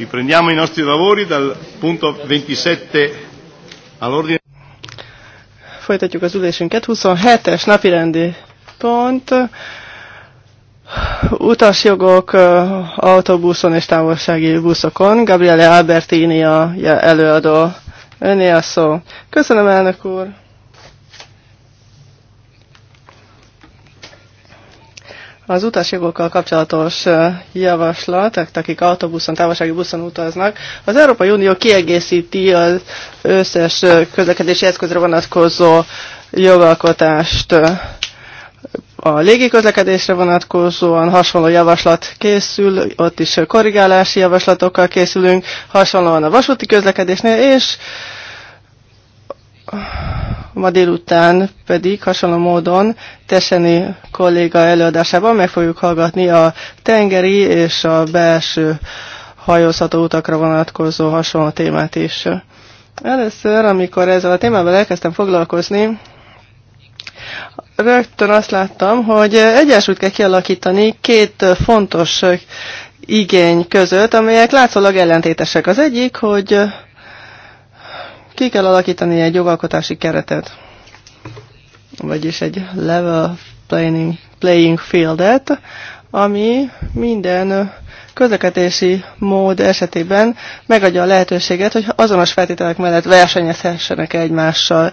Riprendiamo i nostri lavori dal punto 27 all'ordine. Folytatjuk az ülésünket. 27-es napirendi pont. Utasjogok autóbuszon és távolsági buszokon. Gabriele Albertini a előadó. Öné a szó. Köszönöm, elnök úr. Az utasjogokkal kapcsolatos javaslat, akik autóbuszon, távolsági buszon utaznak, az Európai Unió kiegészíti az összes közlekedési eszközre vonatkozó jogalkotást. A légiközlekedésre vonatkozóan hasonló javaslat készül, ott is korrigálási javaslatokkal készülünk, hasonlóan a vasúti közlekedésnél, és Ma délután pedig hasonló módon Teseni kolléga előadásában meg fogjuk hallgatni a tengeri és a belső hajózható utakra vonatkozó hasonló témát is. Először, amikor ezzel a témával elkezdtem foglalkozni, rögtön azt láttam, hogy egyensúlyt kell kialakítani két fontos igény között, amelyek látszólag ellentétesek. Az egyik, hogy ki kell alakítani egy jogalkotási keretet, vagyis egy level playing, playing fieldet, ami minden közlekedési mód esetében megadja a lehetőséget, hogy azonos feltételek mellett versenyezhessenek egymással,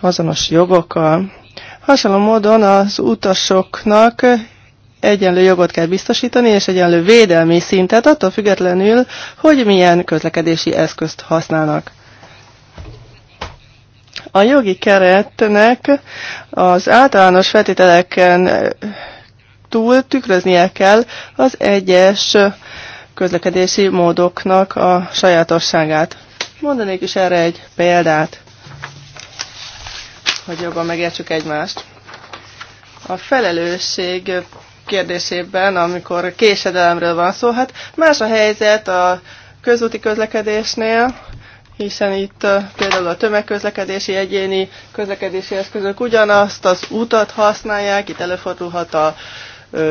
azonos jogokkal. Hasonló módon az utasoknak egyenlő jogot kell biztosítani, és egyenlő védelmi szintet, attól függetlenül, hogy milyen közlekedési eszközt használnak. A jogi keretnek az általános feltételeken túl tükröznie kell az egyes közlekedési módoknak a sajátosságát. Mondanék is erre egy példát, hogy jobban megértsük egymást. A felelősség kérdésében, amikor késedelemről van szó, hát más a helyzet a közúti közlekedésnél, hiszen itt például a tömegközlekedési, egyéni közlekedési eszközök ugyanazt az utat használják, itt előfordulhat a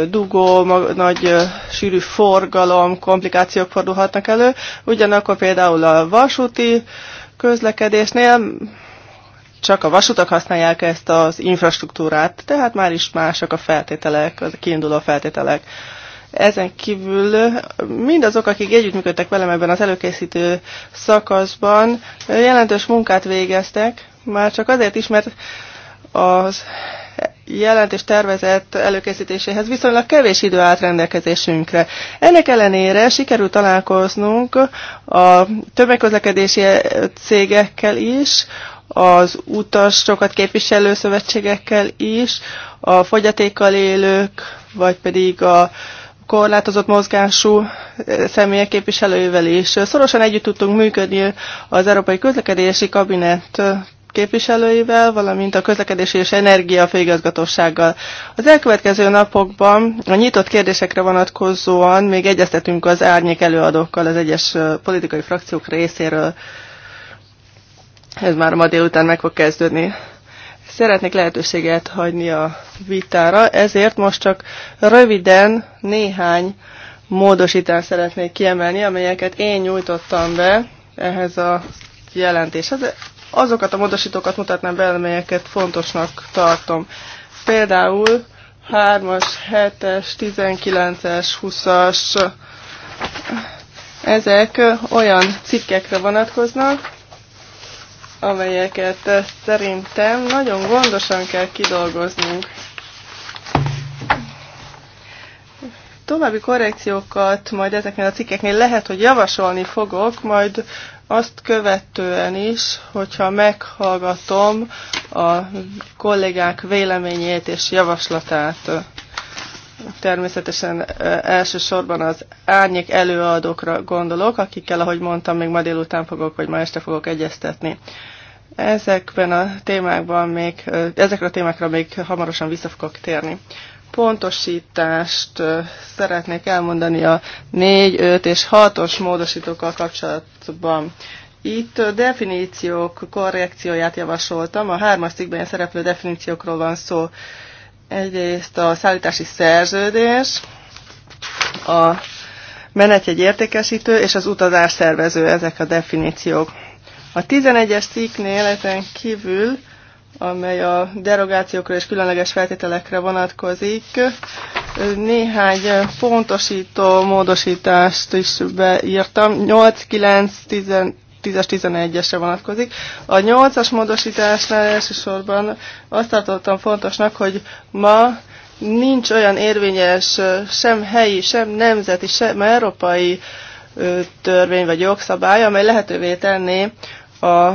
dugó, nagy sűrű forgalom, komplikációk fordulhatnak elő. Ugyanakkor például a vasúti közlekedésnél csak a vasutak használják ezt az infrastruktúrát, tehát már is mások a feltételek, a kiinduló feltételek. Ezen kívül mindazok, akik együttműködtek velem ebben az előkészítő szakaszban, jelentős munkát végeztek, már csak azért is, mert az jelentés tervezett előkészítéséhez viszonylag kevés idő állt rendelkezésünkre. Ennek ellenére sikerült találkoznunk a tömegközlekedési cégekkel is, az utasokat képviselő szövetségekkel is, a fogyatékkal élők, vagy pedig a korlátozott mozgású személyek képviselőivel is. Szorosan együtt tudtunk működni az Európai Közlekedési Kabinett képviselőivel, valamint a Közlekedési és Energia Főigazgatósággal. Az elkövetkező napokban a nyitott kérdésekre vonatkozóan még egyeztetünk az árnyék előadókkal az egyes politikai frakciók részéről. Ez már ma délután meg fog kezdődni. Szeretnék lehetőséget hagyni a vitára, ezért most csak röviden néhány módosítást szeretnék kiemelni, amelyeket én nyújtottam be ehhez a jelentéshez. Azokat a módosítókat mutatnám be, amelyeket fontosnak tartom. Például 3-as, 7-es, 19-es, 20-as, ezek olyan cikkekre vonatkoznak, amelyeket eh, szerintem nagyon gondosan kell kidolgoznunk. További korrekciókat majd ezeknél a cikkeknél lehet, hogy javasolni fogok, majd azt követően is, hogyha meghallgatom a kollégák véleményét és javaslatát. Természetesen elsősorban az árnyék előadókra gondolok, akikkel, ahogy mondtam, még ma délután fogok, vagy ma este fogok egyeztetni. Ezekben a témákban még, ezekre a témákra még hamarosan vissza fogok térni. Pontosítást szeretnék elmondani a 4, 5 és 6-os módosítókkal kapcsolatban. Itt definíciók korrekcióját javasoltam. A hármas cikkben szereplő definíciókról van szó. Egyrészt a szállítási szerződés, a menetjegy értékesítő és az utazás szervező, ezek a definíciók. A 11-es cikknél ezen kívül, amely a derogációkra és különleges feltételekre vonatkozik, néhány pontosító módosítást is beírtam. 8, 9, 10, 10-es, 11-esre vonatkozik. A 8-as módosításnál elsősorban azt tartottam fontosnak, hogy ma nincs olyan érvényes sem helyi, sem nemzeti, sem európai törvény vagy jogszabály, amely lehetővé tenné az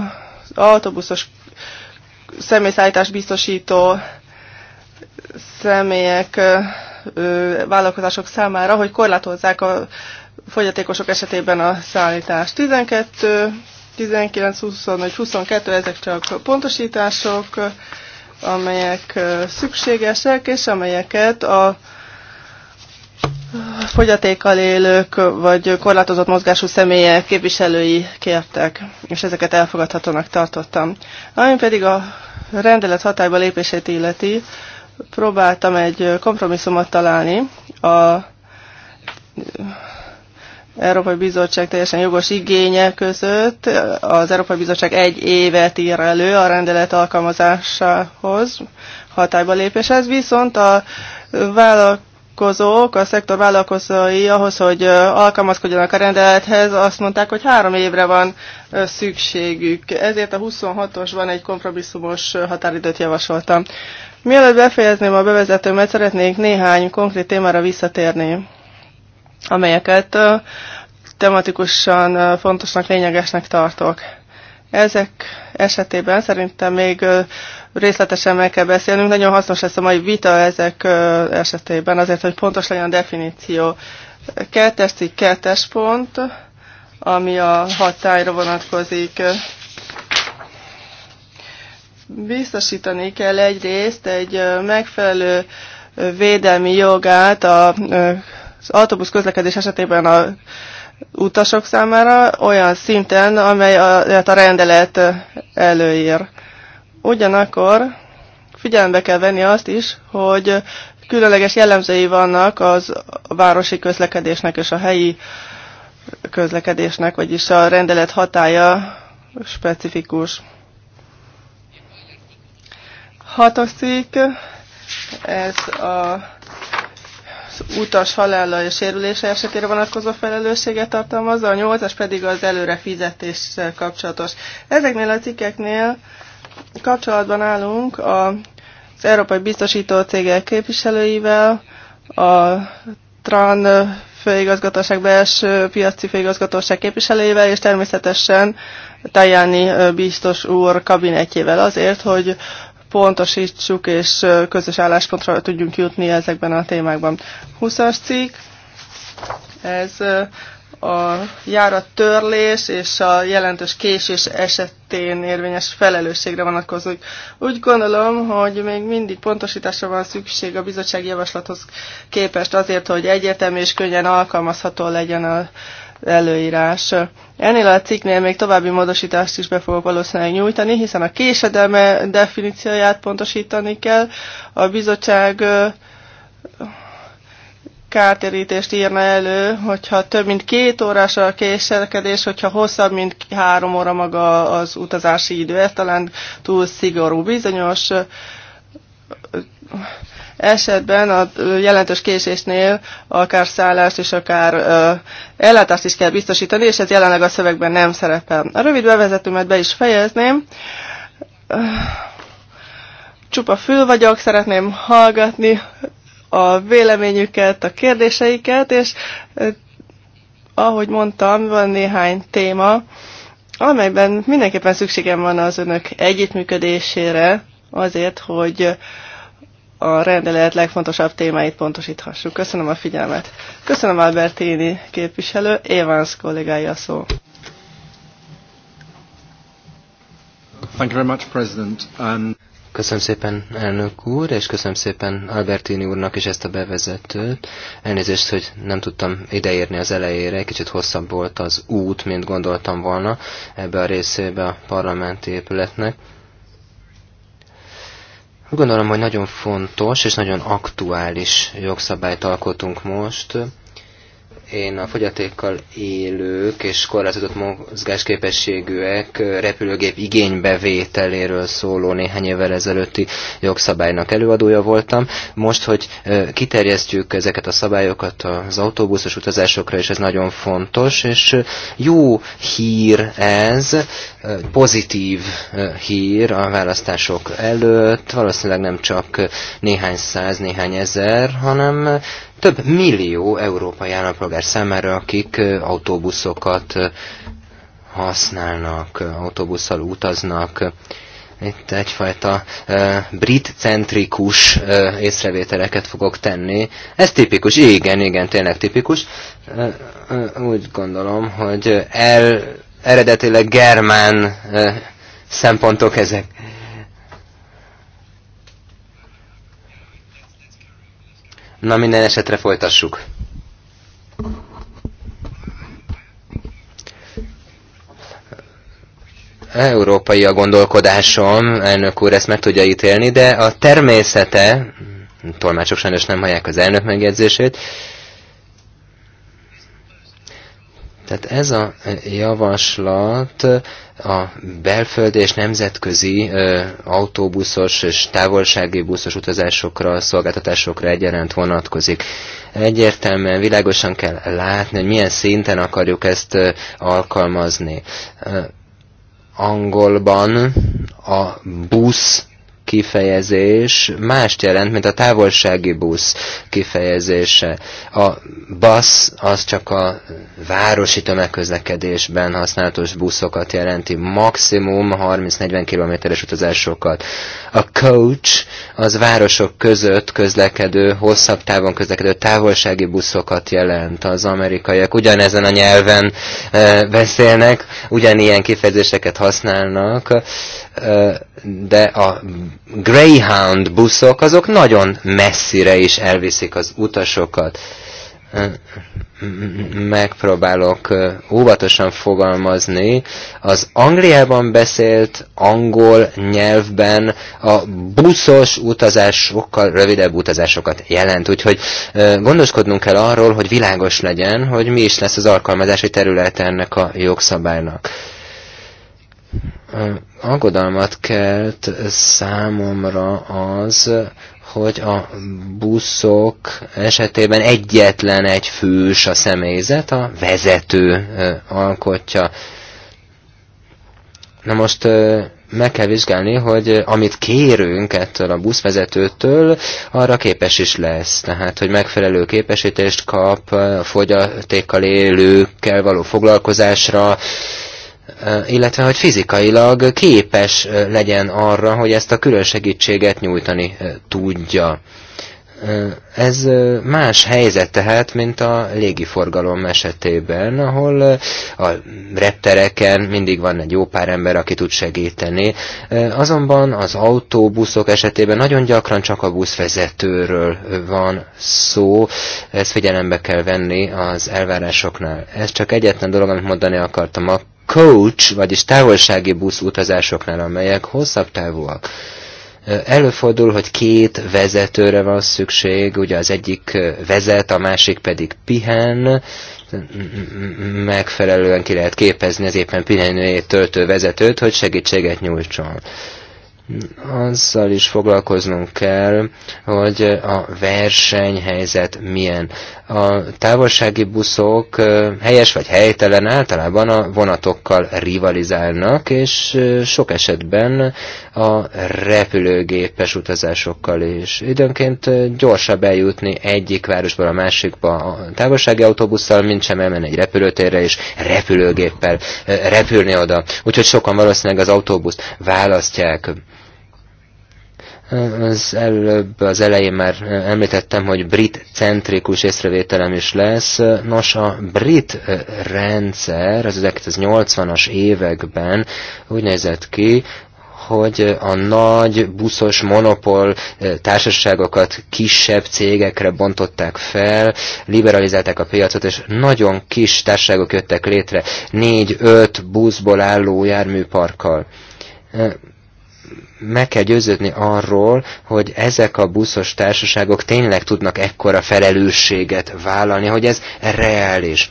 autóbuszos személyszállítás biztosító személyek, vállalkozások számára, hogy korlátozzák a fogyatékosok esetében a szállítás. 12, 19, 24, 22, ezek csak pontosítások, amelyek szükségesek, és amelyeket a fogyatékkal élők vagy korlátozott mozgású személyek képviselői kértek, és ezeket elfogadhatónak tartottam. Ami pedig a rendelet hatályba lépését illeti, próbáltam egy kompromisszumot találni a Európai Bizottság teljesen jogos igénye között. Az Európai Bizottság egy évet ír elő a rendelet alkalmazásához, hatályba lépéshez, viszont a vállalkozók, a szektor vállalkozói ahhoz, hogy alkalmazkodjanak a rendelethez, azt mondták, hogy három évre van szükségük. Ezért a 26-osban egy kompromisszumos határidőt javasoltam. Mielőtt befejezném a bevezetőmet, szeretnék néhány konkrét témára visszatérni amelyeket tematikusan fontosnak, lényegesnek tartok. Ezek esetében szerintem még részletesen meg kell beszélnünk. Nagyon hasznos lesz a mai vita ezek esetében, azért, hogy pontos legyen a definíció. Kettes cikk, kettes pont, ami a hatályra vonatkozik. Biztosítani kell egyrészt egy megfelelő védelmi jogát a az autóbusz közlekedés esetében a utasok számára olyan szinten, amely a, a rendelet előír. Ugyanakkor figyelembe kell venni azt is, hogy különleges jellemzői vannak az városi közlekedésnek és a helyi közlekedésnek, vagyis a rendelet hatája specifikus. Hatoszik ez a utas halála és sérülése esetére vonatkozó felelősséget tartalmazza, a nyolcas pedig az előre fizetéssel kapcsolatos. Ezeknél a cikkeknél kapcsolatban állunk az Európai Biztosító Cégek képviselőivel, a TRAN főigazgatóság belső piaci főigazgatóság képviselőivel és természetesen Tajani biztos úr kabinetjével azért, hogy pontosítsuk, és közös álláspontra tudjunk jutni ezekben a témákban. 20-as cikk, ez a járat törlés és a jelentős késés esetén érvényes felelősségre vonatkozik. Úgy gondolom, hogy még mindig pontosításra van szükség a bizottsági javaslathoz képest azért, hogy egyetem és könnyen alkalmazható legyen a előírás. Ennél a cikknél még további módosítást is be fogok valószínűleg nyújtani, hiszen a késedelme definícióját pontosítani kell. A bizottság kártérítést írna elő, hogyha több mint két órás a késelkedés, hogyha hosszabb, mint három óra maga az utazási idő. Ez talán túl szigorú bizonyos esetben a jelentős késésnél akár szállást és akár ellátást is kell biztosítani, és ez jelenleg a szövegben nem szerepel. A rövid bevezetőmet be is fejezném. Csupa fül vagyok, szeretném hallgatni a véleményüket, a kérdéseiket, és ahogy mondtam, van néhány téma, amelyben mindenképpen szükségem van az önök együttműködésére, azért, hogy a rendelet legfontosabb témáit pontosíthassuk. Köszönöm a figyelmet. Köszönöm Albertini képviselő, Evans kollégája szó. Thank you very much, President. Um... Köszönöm szépen elnök úr, és köszönöm szépen Albertini úrnak is ezt a bevezetőt. Elnézést, hogy nem tudtam ideérni az elejére, kicsit hosszabb volt az út, mint gondoltam volna ebbe a részébe a parlamenti épületnek. Gondolom, hogy nagyon fontos és nagyon aktuális jogszabályt alkotunk most. Én a fogyatékkal élők és korlátozott mozgásképességűek repülőgép igénybevételéről szóló néhány évvel ezelőtti jogszabálynak előadója voltam. Most, hogy kiterjesztjük ezeket a szabályokat az autóbuszos utazásokra, és ez nagyon fontos, és jó hír ez, pozitív hír a választások előtt, valószínűleg nem csak néhány száz, néhány ezer, hanem több millió európai állampolgár számára, akik autóbuszokat használnak, autóbusszal utaznak. Itt egyfajta uh, brit-centrikus uh, észrevételeket fogok tenni. Ez tipikus, igen, igen, tényleg tipikus. Uh, uh, úgy gondolom, hogy el eredetileg germán szempontok ezek. Na minden esetre folytassuk. Európai a gondolkodásom, elnök úr ezt meg tudja ítélni, de a természete, tolmácsok sajnos nem hallják az elnök megjegyzését, Tehát ez a javaslat a belföldi és nemzetközi autóbuszos és távolsági buszos utazásokra, szolgáltatásokra egyaránt vonatkozik. Egyértelműen világosan kell látni, hogy milyen szinten akarjuk ezt alkalmazni. Angolban a busz kifejezés mást jelent, mint a távolsági busz kifejezése. A busz az csak a városi tömegközlekedésben használatos buszokat jelenti, maximum 30-40 kilométeres utazásokat. A coach az városok között közlekedő, hosszabb távon közlekedő távolsági buszokat jelent. Az amerikaiak ugyanezen a nyelven eh, beszélnek, ugyanilyen kifejezéseket használnak, de a Greyhound buszok azok nagyon messzire is elviszik az utasokat. Megpróbálok óvatosan fogalmazni. Az Angliában beszélt angol nyelvben a buszos utazás sokkal rövidebb utazásokat jelent, úgyhogy gondoskodnunk kell arról, hogy világos legyen, hogy mi is lesz az alkalmazási területe ennek a jogszabálynak Aggodalmat kelt számomra az, hogy a buszok esetében egyetlen egy fős a személyzet, a vezető alkotja. Na most meg kell vizsgálni, hogy amit kérünk ettől a buszvezetőtől, arra képes is lesz. Tehát, hogy megfelelő képesítést kap a fogyatékkal élőkkel való foglalkozásra, illetve hogy fizikailag képes legyen arra, hogy ezt a külön segítséget nyújtani tudja. Ez más helyzet tehát, mint a légiforgalom esetében, ahol a reptereken mindig van egy jó pár ember, aki tud segíteni. Azonban az autóbuszok esetében nagyon gyakran csak a buszvezetőről van szó, ezt figyelembe kell venni az elvárásoknál. Ez csak egyetlen dolog, amit mondani akartam a coach, vagyis távolsági busz utazásoknál, amelyek hosszabb távúak. Előfordul, hogy két vezetőre van szükség, ugye az egyik vezet, a másik pedig pihen, megfelelően ki lehet képezni az éppen pihenőjét töltő vezetőt, hogy segítséget nyújtson azzal is foglalkoznunk kell, hogy a versenyhelyzet milyen. A távolsági buszok helyes vagy helytelen általában a vonatokkal rivalizálnak, és sok esetben a repülőgépes utazásokkal is. Időnként gyorsabb eljutni egyik városból a másikba a távolsági autóbusszal, mint sem elmenni egy repülőtérre, és repülőgéppel repülni oda. Úgyhogy sokan valószínűleg az autóbuszt választják. Az előbb, az elején már említettem, hogy brit centrikus észrevételem is lesz. Nos, a brit rendszer az 1980-as években úgy nézett ki, hogy a nagy buszos monopól eh, társaságokat kisebb cégekre bontották fel, liberalizálták a piacot, és nagyon kis társaságok jöttek létre, négy-öt buszból álló járműparkkal eh, meg kell győződni arról, hogy ezek a buszos társaságok tényleg tudnak ekkora felelősséget vállalni, hogy ez reális.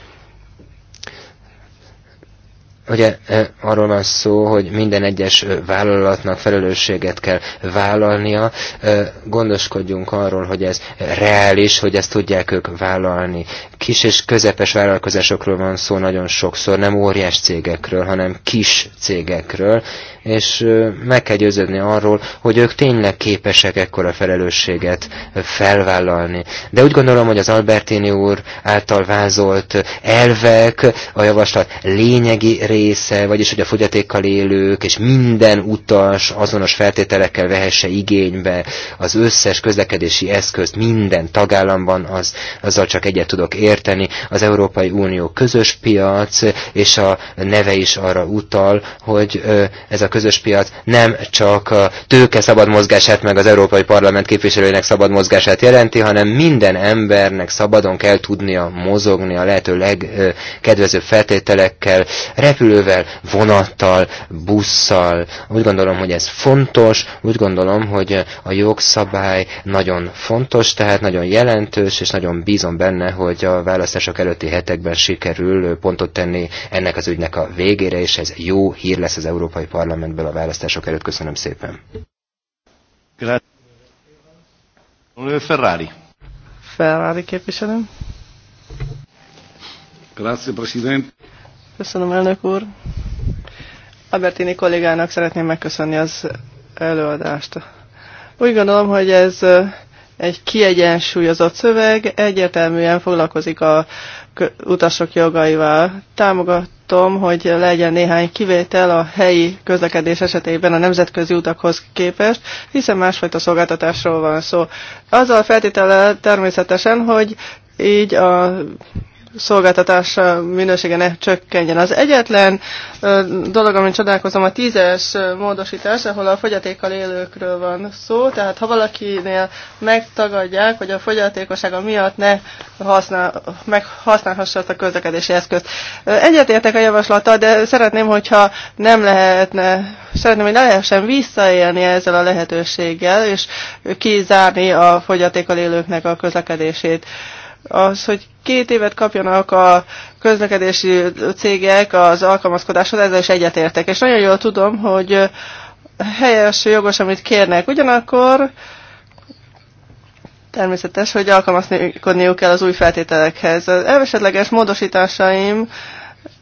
Ugye eh, arról van szó, hogy minden egyes eh, vállalatnak felelősséget kell vállalnia, eh, gondoskodjunk arról, hogy ez reális, hogy ezt tudják ők vállalni. Kis és közepes vállalkozásokról van szó nagyon sokszor, nem óriás cégekről, hanem kis cégekről, és meg kell győződni arról, hogy ők tényleg képesek ekkora felelősséget felvállalni. De úgy gondolom, hogy az Albertini úr által vázolt elvek, a javaslat lényegi része, vagyis hogy a fogyatékkal élők és minden utas azonos feltételekkel vehesse igénybe az összes közlekedési eszközt minden tagállamban, az, azzal csak egyet tudok érteni. Az Európai Unió közös piac, és a neve is arra utal, hogy ez a közös piac nem csak a tőke szabad mozgását, meg az Európai Parlament képviselőinek szabad mozgását jelenti, hanem minden embernek szabadon kell tudnia mozogni a lehető legkedvezőbb feltételekkel, repül repülővel, vonattal, busszal. Úgy gondolom, hogy ez fontos, úgy gondolom, hogy a jogszabály nagyon fontos, tehát nagyon jelentős, és nagyon bízom benne, hogy a választások előtti hetekben sikerül pontot tenni ennek az ügynek a végére, és ez jó hír lesz az Európai Parlamentből a választások előtt. Köszönöm szépen. Ferrari. Ferrari képviselő. Grazie, Presidente. Köszönöm, elnök úr. Albertini kollégának szeretném megköszönni az előadást. Úgy gondolom, hogy ez egy kiegyensúlyozott szöveg, egyértelműen foglalkozik a utasok jogaival. Támogatom, hogy legyen néhány kivétel a helyi közlekedés esetében a nemzetközi utakhoz képest, hiszen másfajta szolgáltatásról van szó. Azzal feltétele természetesen, hogy így a szolgáltatás minősége ne csökkenjen. Az egyetlen dolog, amin csodálkozom, a tízes módosítás, ahol a fogyatékkal élőkről van szó, tehát ha valakinél megtagadják, hogy a fogyatékossága miatt ne használ, meghasználhassa a közlekedési eszközt. Egyetértek a javaslata, de szeretném, hogyha nem lehetne, szeretném, hogy ne lehessen visszaélni ezzel a lehetőséggel, és kizárni a fogyatékkal élőknek a közlekedését az, hogy két évet kapjanak a közlekedési cégek az alkalmazkodáshoz, ezzel is egyetértek. És nagyon jól tudom, hogy helyes, jogos, amit kérnek. Ugyanakkor természetes, hogy alkalmazkodniuk kell az új feltételekhez. Az elvesetleges módosításaim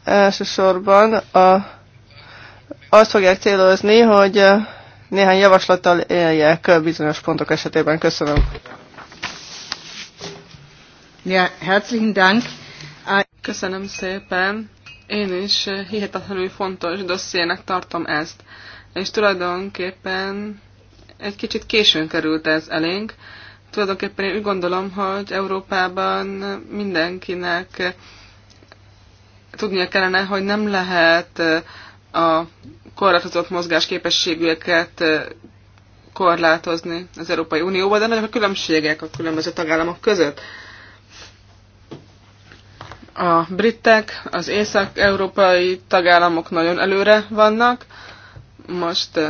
elsősorban a, azt fogják célozni, hogy néhány javaslattal éljek bizonyos pontok esetében. Köszönöm. Ja, herzlichen Dank. Köszönöm szépen. Én is hihetetlenül fontos dossziének tartom ezt. És tulajdonképpen egy kicsit későn került ez elénk. Tulajdonképpen én úgy gondolom, hogy Európában mindenkinek tudnia kellene, hogy nem lehet a korlátozott mozgásképességüket korlátozni az Európai Unióban, de nagyok a különbségek a különböző tagállamok között. A britek, az észak-európai tagállamok nagyon előre vannak. Most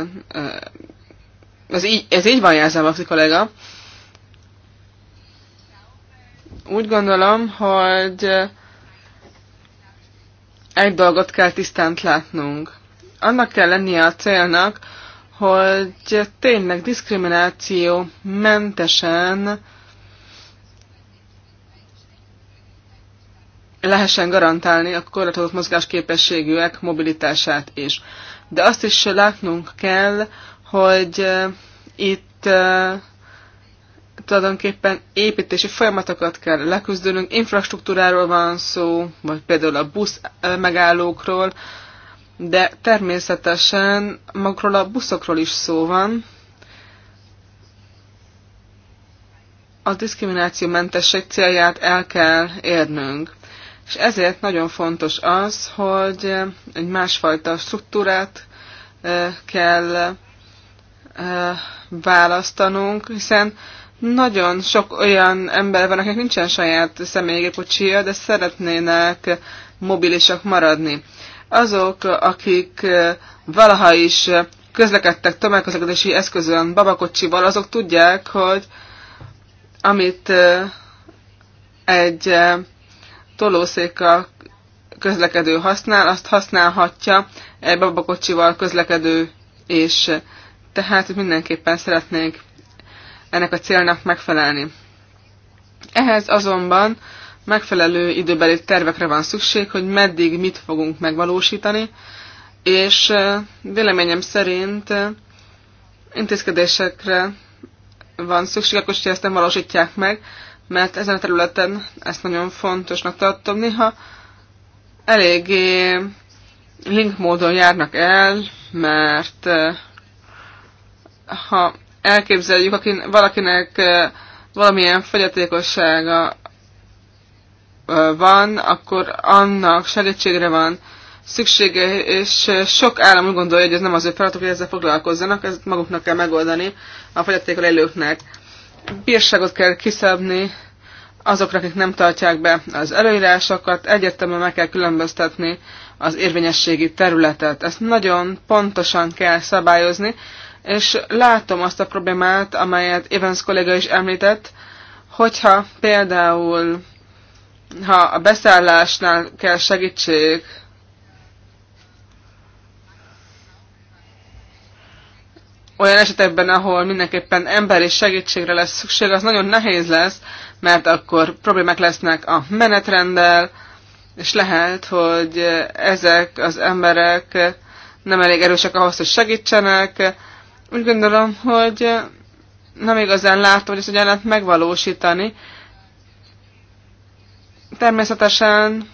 ez így, ez így van jelzem, Afri kollega. Úgy gondolom, hogy egy dolgot kell tisztánt látnunk. Annak kell lennie a célnak, hogy tényleg diszkrimináció mentesen lehessen garantálni a korlátozott mozgásképességűek mobilitását is. De azt is látnunk kell, hogy eh, itt eh, tulajdonképpen építési folyamatokat kell leküzdenünk, infrastruktúráról van szó, vagy például a busz eh, megállókról, de természetesen magról a buszokról is szó van. A diszkriminációmentesség célját el kell érnünk. És ezért nagyon fontos az, hogy egy másfajta struktúrát kell választanunk, hiszen nagyon sok olyan ember van, akik nincsen saját személygépkocsia, de szeretnének mobilisak maradni. Azok, akik valaha is közlekedtek tömegközlekedési eszközön babakocsival, azok tudják, hogy amit egy tolószékkal közlekedő használ, azt használhatja egy babakocsival közlekedő és tehát mindenképpen szeretnénk ennek a célnak megfelelni. Ehhez azonban megfelelő időbeli tervekre van szükség, hogy meddig mit fogunk megvalósítani, és véleményem szerint intézkedésekre van szükség, akkor, hogyha ezt nem valósítják meg, mert ezen a területen ezt nagyon fontosnak tartom. Néha eléggé link módon járnak el, mert eh, ha elképzeljük, akin, valakinek eh, valamilyen fogyatékossága eh, van, akkor annak segítségre van szüksége, és sok állam úgy gondolja, hogy ez nem az ő feladatok, hogy ezzel foglalkozzanak, ezt maguknak kell megoldani a fogyatékkal élőknek bírságot kell kiszabni azokra, akik nem tartják be az előírásokat, egyértelműen meg kell különböztetni az érvényességi területet. Ezt nagyon pontosan kell szabályozni, és látom azt a problémát, amelyet Evans kolléga is említett, hogyha például ha a beszállásnál kell segítség, olyan esetekben, ahol mindenképpen emberi segítségre lesz szükség, az nagyon nehéz lesz, mert akkor problémák lesznek a menetrenddel, és lehet, hogy ezek az emberek nem elég erősek ahhoz, hogy segítsenek. Úgy gondolom, hogy nem igazán látom, hogy ezt hogyan lehet megvalósítani. Természetesen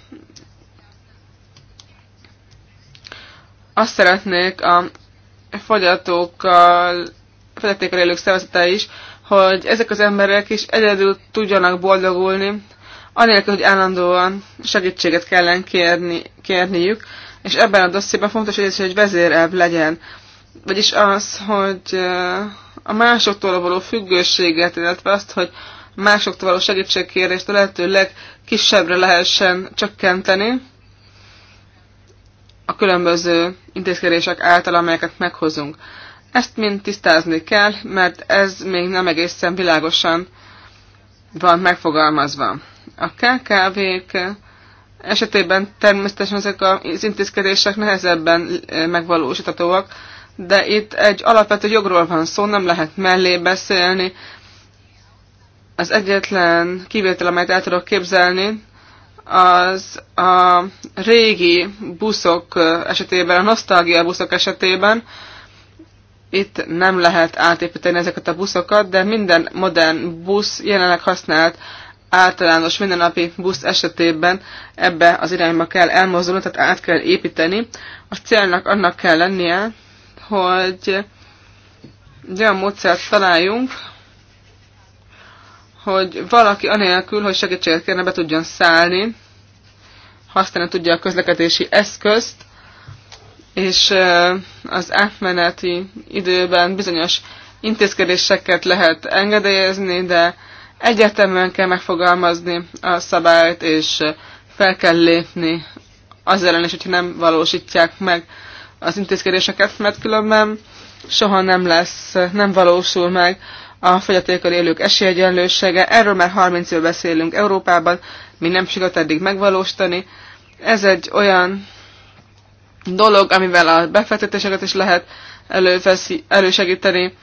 azt szeretnék a fogyatókkal, fogyatékkal élők szervezete is, hogy ezek az emberek is egyedül tudjanak boldogulni, anélkül, hogy állandóan segítséget kellene kérni, kérniük, és ebben a dossziban fontos, hogy ez hogy egy vezérelv legyen. Vagyis az, hogy a másoktól való függőséget, illetve azt, hogy másoktól való segítségkérést a lehető legkisebbre lehessen csökkenteni, a különböző intézkedések által, amelyeket meghozunk. Ezt mind tisztázni kell, mert ez még nem egészen világosan van megfogalmazva. A KKV-k esetében természetesen ezek az intézkedések nehezebben eh, megvalósíthatóak, de itt egy alapvető jogról van szó, nem lehet mellé beszélni. Az egyetlen kivétel, amelyet el tudok képzelni, az a régi buszok esetében, a nosztalgia buszok esetében itt nem lehet átépíteni ezeket a buszokat, de minden modern busz jelenleg használt általános mindennapi busz esetében ebbe az irányba kell elmozdulni, tehát át kell építeni. A célnak annak kell lennie, hogy egy olyan módszert találjunk, hogy valaki anélkül, hogy segítséget kérne, be tudjon szállni, használni tudja a közlekedési eszközt, és az átmeneti időben bizonyos intézkedéseket lehet engedélyezni, de egyetemen kell megfogalmazni a szabályt, és fel kell lépni az ellen is, hogyha nem valósítják meg az intézkedéseket, mert különben soha nem lesz, nem valósul meg a fogyatékkal élők esélyegyenlősége. Erről már 30 éve beszélünk Európában, mi nem sikerült eddig megvalósítani. Ez egy olyan dolog, amivel a befektetéseket is lehet előfeszi, elősegíteni.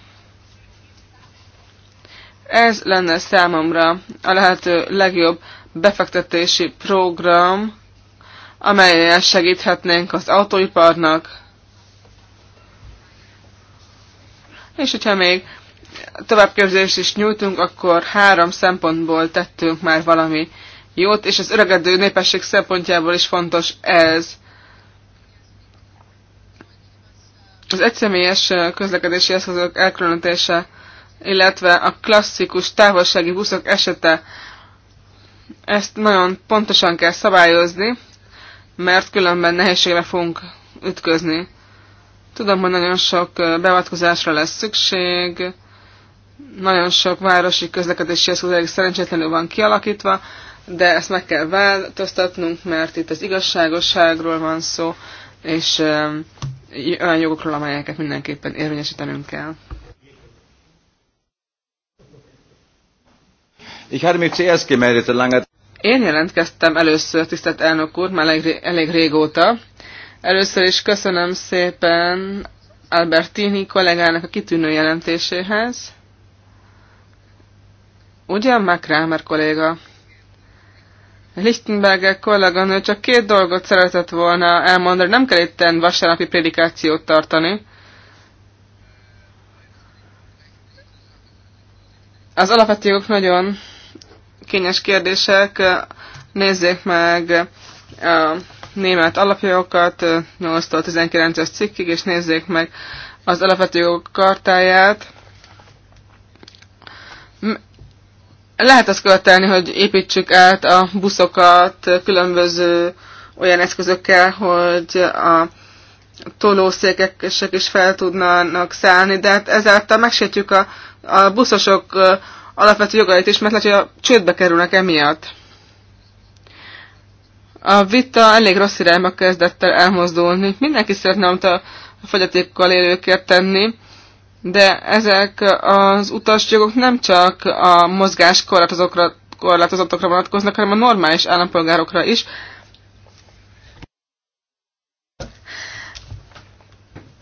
Ez lenne számomra a lehető legjobb befektetési program, amelyel segíthetnénk az autóiparnak. És hogyha még továbbképzést is nyújtunk, akkor három szempontból tettünk már valami jót, és az öregedő népesség szempontjából is fontos ez. Az egyszemélyes közlekedési eszközök elkülönítése, illetve a klasszikus távolsági buszok esete, ezt nagyon pontosan kell szabályozni, mert különben nehézségre fogunk ütközni. Tudom, hogy nagyon sok beavatkozásra lesz szükség, nagyon sok városi közlekedési eszköz szerencsétlenül van kialakítva, de ezt meg kell változtatnunk, mert itt az igazságosságról van szó, és olyan jogokról, amelyeket mindenképpen érvényesítenünk kell. Én jelentkeztem először, tisztelt elnök úr, már elég, elég régóta. Először is köszönöm szépen Albertini kollégának a kitűnő jelentéséhez. Ugye, Makrámer kolléga? Lichtenberger kolléganő csak két dolgot szeretett volna elmondani, nem kell itten vasárnapi prédikációt tartani. Az alapvető nagyon kényes kérdések. Nézzék meg a német alapjogokat 8-19-es cikkig, és nézzék meg az alapvető kartáját. Lehet azt követelni, hogy építsük át a buszokat különböző olyan eszközökkel, hogy a tolószékek is fel tudnának szállni, de hát ezáltal megsértjük a, a buszosok alapvető jogait is, mert lehet, hogy a csődbe kerülnek emiatt. A vita elég rossz irányba kezdett el elmozdulni. Mindenki szeretne, amit a fogyatékkal élőkért tenni, de ezek az utasjogok nem csak a mozgás korlátozókra, korlátozottakra vonatkoznak, hanem a normális állampolgárokra is.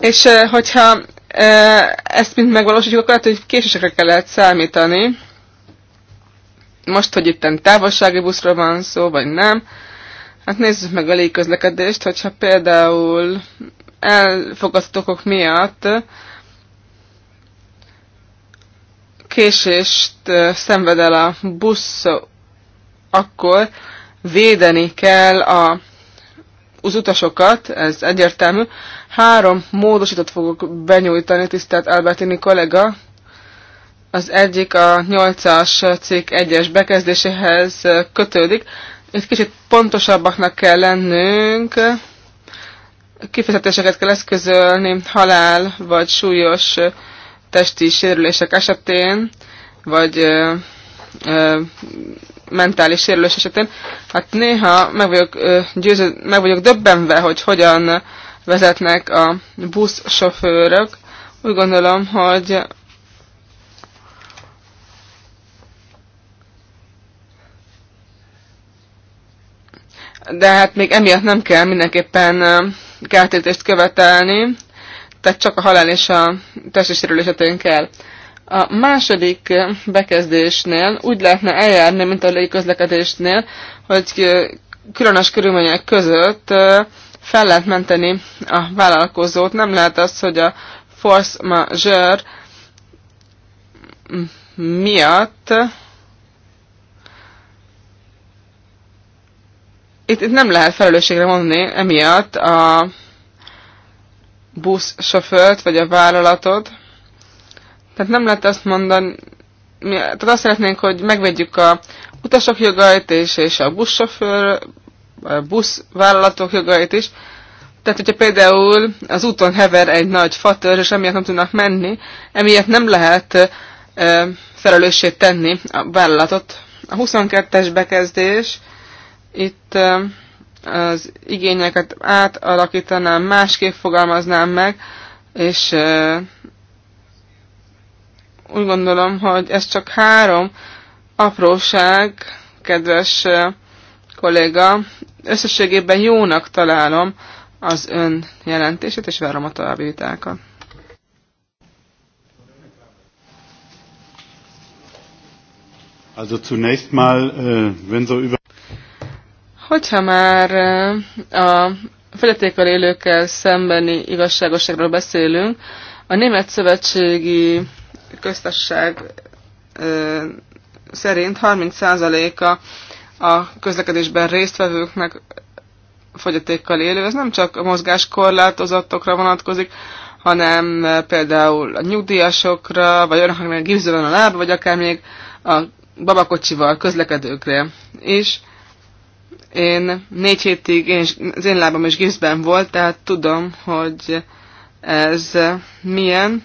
És eh, hogyha eh, ezt mind megvalósítjuk, akkor lehet, hogy késésekre lehet számítani. Most, hogy itt távolsági buszról van szó, vagy nem. Hát nézzük meg a légközlekedést, hogyha például elfogadhatókok miatt késést szenved el a busz, akkor védeni kell a, az utasokat, ez egyértelmű. Három módosított fogok benyújtani, tisztelt Albertini kollega. Az egyik a 8-as cikk 1-es bekezdéséhez kötődik. Itt kicsit pontosabbaknak kell lennünk. Kifizetéseket kell eszközölni halál vagy súlyos testi sérülések esetén, vagy ö, ö, mentális sérülés esetén, hát néha meg vagyok, ö, győző, meg vagyok döbbenve, hogy hogyan vezetnek a buszsofőrök. Úgy gondolom, hogy de hát még emiatt nem kell mindenképpen kártétést követelni tehát csak a halál és a testi sérülésetünk A második bekezdésnél úgy lehetne eljárni, mint a közlekedésnél, hogy különös körülmények között fel lehet menteni a vállalkozót. Nem lehet az, hogy a force majeure miatt itt, itt nem lehet felelősségre mondani emiatt a buszsofőrt, vagy a vállalatot. Tehát nem lehet azt mondani, mi, tehát azt szeretnénk, hogy megvegyük a utasok jogait és, és a buszsofőr, a buszvállalatok jogait is. Tehát, hogyha például az úton hever egy nagy fatör, és emiatt nem tudnak menni, emiatt nem lehet ö, felelőssé tenni a vállalatot. A 22-es bekezdés itt ö, az igényeket átalakítanám, másképp fogalmaznám meg, és úgy gondolom, hogy ez csak három apróság, kedves kolléga. Összességében jónak találom az ön jelentését, és várom a további vitákat. Also zunächst mal, äh, wenn so über Hogyha már a fogyatékkal élőkkel szembeni igazságosságról beszélünk, a Német Szövetségi Köztársaság szerint 30%-a a közlekedésben résztvevőknek fogyatékkal élő. Ez nem csak a mozgáskorlátozottokra vonatkozik, hanem például a nyugdíjasokra, vagy olyanoknak gipszben a láb, vagy akár még a babakocsival közlekedőkre. És én négy hétig, én is, az én lábam is gipszben volt, tehát tudom, hogy ez milyen.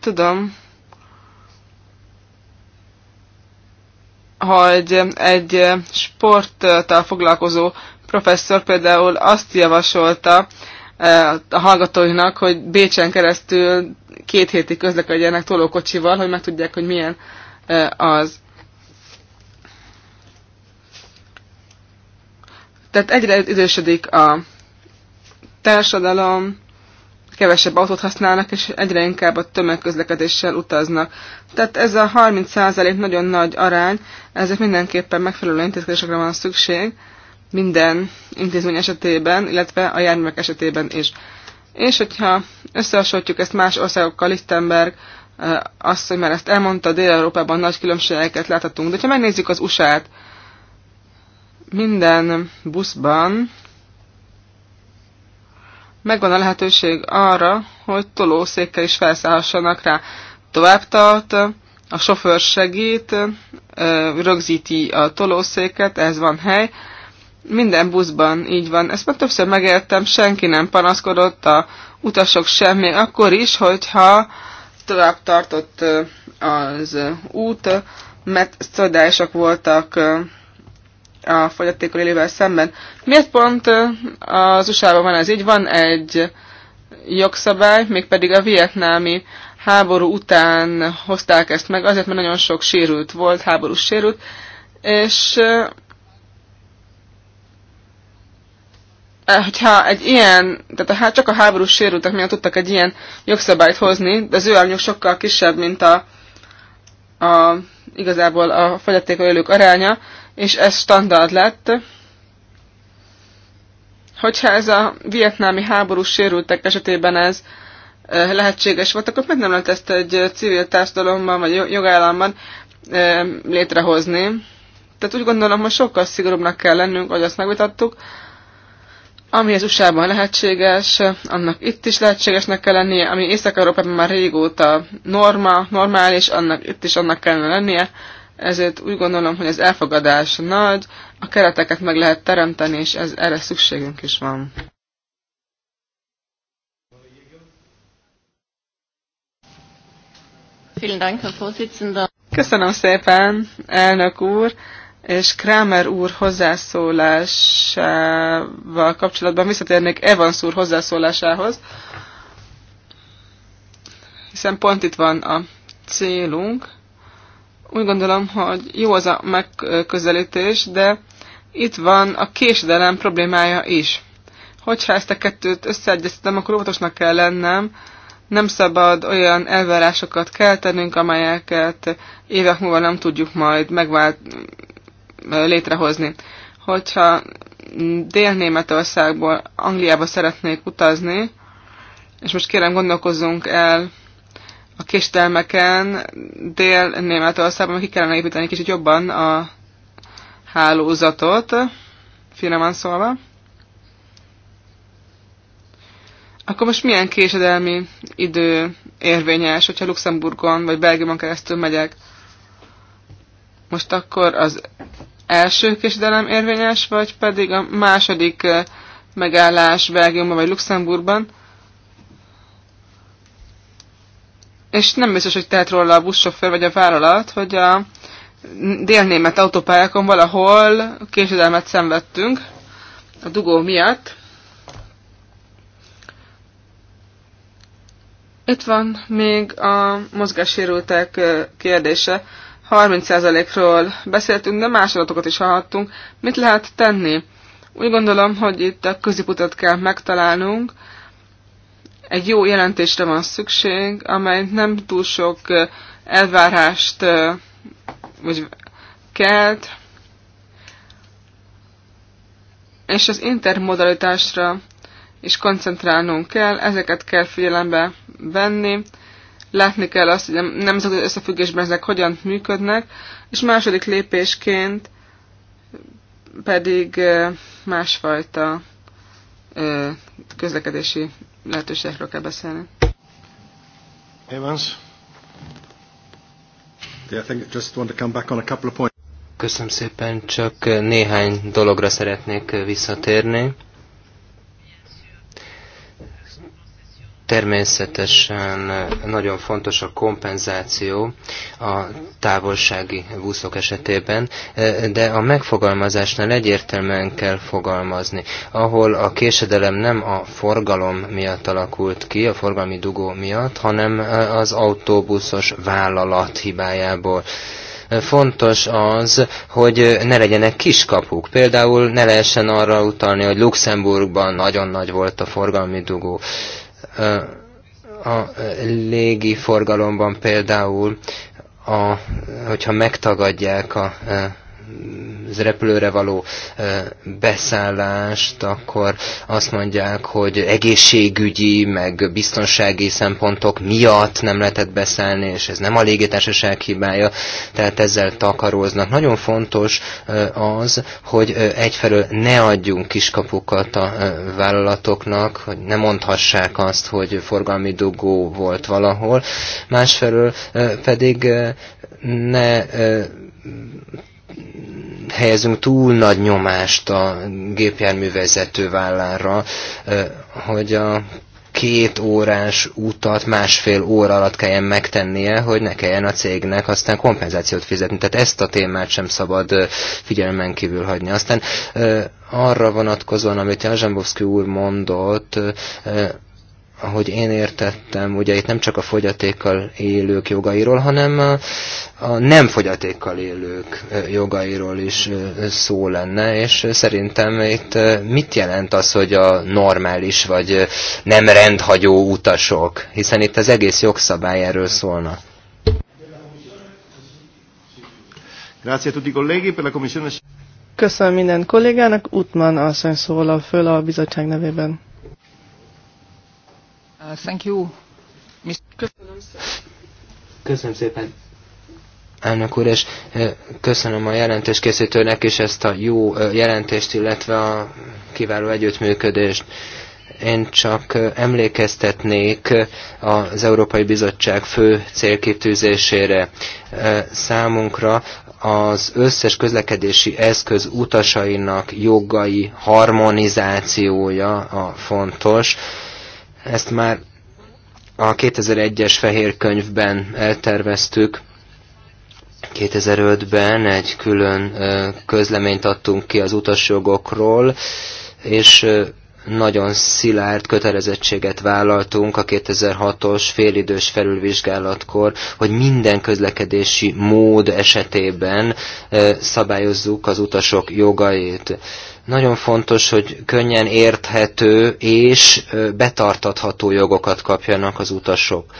Tudom, hogy egy sporttal foglalkozó professzor például azt javasolta eh, a hallgatóinak, hogy Bécsen keresztül két hétig közlekedjenek tolókocsival, hogy megtudják, hogy milyen eh, az. Tehát egyre idősödik a társadalom, kevesebb autót használnak, és egyre inkább a tömegközlekedéssel utaznak. Tehát ez a 30% nagyon nagy arány, ezek mindenképpen megfelelő intézkedésekre van szükség, minden intézmény esetében, illetve a járművek esetében is. És hogyha összehasonlítjuk ezt más országokkal, Lichtenberg, eh, azt, hogy már ezt elmondta, Dél-Európában nagy különbségeket láthatunk. De ha megnézzük az USA-t, minden buszban megvan a lehetőség arra, hogy tolószékkel is felszállhassanak rá. Tovább tart, a sofőr segít, rögzíti a tolószéket, ez van hely. Minden buszban így van. Ezt már többször megértem, senki nem panaszkodott, a utasok sem, még akkor is, hogyha tovább tartott az út, mert csodások voltak a fogyatékkal élővel szemben. Miért pont az USA-ban van ez így? Van egy jogszabály, mégpedig a vietnámi háború után hozták ezt meg, azért, mert nagyon sok sérült volt, háborús sérült, és e, hogyha egy ilyen, tehát a, csak a háborús sérültek miatt tudtak egy ilyen jogszabályt hozni, de az ő arányuk sokkal kisebb, mint a, a igazából a fogyatékkal élők aránya, és ez standard lett. Hogyha ez a vietnámi háború sérültek esetében ez lehetséges volt, akkor meg nem lehet ezt egy civil társadalomban vagy jogállamban létrehozni. Tehát úgy gondolom, hogy sokkal szigorúbbnak kell lennünk, hogy azt megvitattuk. Ami az USA-ban lehetséges, annak itt is lehetségesnek kell lennie, ami Észak-Európában már régóta norma, normális, annak itt is annak kellene lennie ezért úgy gondolom, hogy az elfogadás nagy, a kereteket meg lehet teremteni, és ez, erre szükségünk is van. Köszönöm szépen, elnök úr, és Kramer úr hozzászólásával kapcsolatban visszatérnék Evans úr hozzászólásához, hiszen pont itt van a célunk, úgy gondolom, hogy jó az a megközelítés, de itt van a késedelem problémája is. Hogyha ezt a kettőt összeegyeztetem, akkor óvatosnak kell lennem, nem szabad olyan elvárásokat keltenünk, amelyeket évek múlva nem tudjuk majd megvált, létrehozni. Hogyha Dél-Németországból Angliába szeretnék utazni, és most kérem gondolkozzunk el a késtelmeken Dél-Németországban ki kellene építeni kicsit jobban a hálózatot, finoman szólva. Akkor most milyen késedelmi idő érvényes, hogyha Luxemburgon vagy Belgiumon keresztül megyek? Most akkor az első késedelem érvényes, vagy pedig a második megállás Belgiumban vagy Luxemburgban? és nem biztos, hogy tehet róla a buszsofőr vagy a vállalat, hogy a délnémet autópályákon valahol késedelmet szenvedtünk a dugó miatt. Itt van még a mozgássérültek kérdése. 30%-ról beszéltünk, de más adatokat is hallhattunk. Mit lehet tenni? Úgy gondolom, hogy itt a középutat kell megtalálnunk, egy jó jelentésre van szükség, amely nem túl sok elvárást vagy kelt, és az intermodalitásra is koncentrálnunk kell, ezeket kell figyelembe venni, látni kell azt, hogy nem az összefüggésben ezek hogyan működnek, és második lépésként pedig másfajta közlekedési lehetőségekről kell beszélni. Evans? I think just want to come back on a couple of points. Köszönöm szépen, csak néhány dologra szeretnék visszatérni. Természetesen nagyon fontos a kompenzáció a távolsági buszok esetében, de a megfogalmazásnál egyértelműen kell fogalmazni. Ahol a késedelem nem a forgalom miatt alakult ki, a forgalmi dugó miatt, hanem az autóbuszos vállalat hibájából fontos az, hogy ne legyenek kiskapuk. Például ne lehessen arra utalni, hogy Luxemburgban nagyon nagy volt a forgalmi dugó. A légi forgalomban például, a, hogyha megtagadják a az repülőre való beszállást, akkor azt mondják, hogy egészségügyi, meg biztonsági szempontok miatt nem lehetett beszállni, és ez nem a légitársaság hibája, tehát ezzel takaróznak. Nagyon fontos az, hogy egyfelől ne adjunk kiskapukat a vállalatoknak, hogy ne mondhassák azt, hogy forgalmi dugó volt valahol, másfelől pedig ne helyezünk túl nagy nyomást a gépjárművezető vállára, hogy a két órás utat másfél óra alatt kelljen megtennie, hogy ne kelljen a cégnek aztán kompenzációt fizetni. Tehát ezt a témát sem szabad figyelmen kívül hagyni. Aztán arra vonatkozóan, amit Jan Zsambowski úr mondott, ahogy én értettem, ugye itt nem csak a fogyatékkal élők jogairól, hanem a, a nem fogyatékkal élők jogairól is szó lenne, és szerintem itt mit jelent az, hogy a normális vagy nem rendhagyó utasok, hiszen itt az egész jogszabály erről szólna. Köszönöm minden kollégának, Utman asszony szólal föl a bizottság nevében. Uh, thank you. Köszönöm szépen. Elnök úr, és eh, köszönöm a jelentéskészítőnek is ezt a jó eh, jelentést, illetve a kiváló együttműködést én csak eh, emlékeztetnék az Európai Bizottság fő célkitűzésére. Számunkra az összes közlekedési eszköz utasainak jogai harmonizációja a fontos. Ezt már a 2001-es fehér könyvben elterveztük. 2005-ben egy külön közleményt adtunk ki az utasjogokról, és nagyon szilárd kötelezettséget vállaltunk a 2006-os félidős felülvizsgálatkor, hogy minden közlekedési mód esetében szabályozzuk az utasok jogait. Nagyon fontos, hogy könnyen érthető és betartatható jogokat kapjanak az utasok.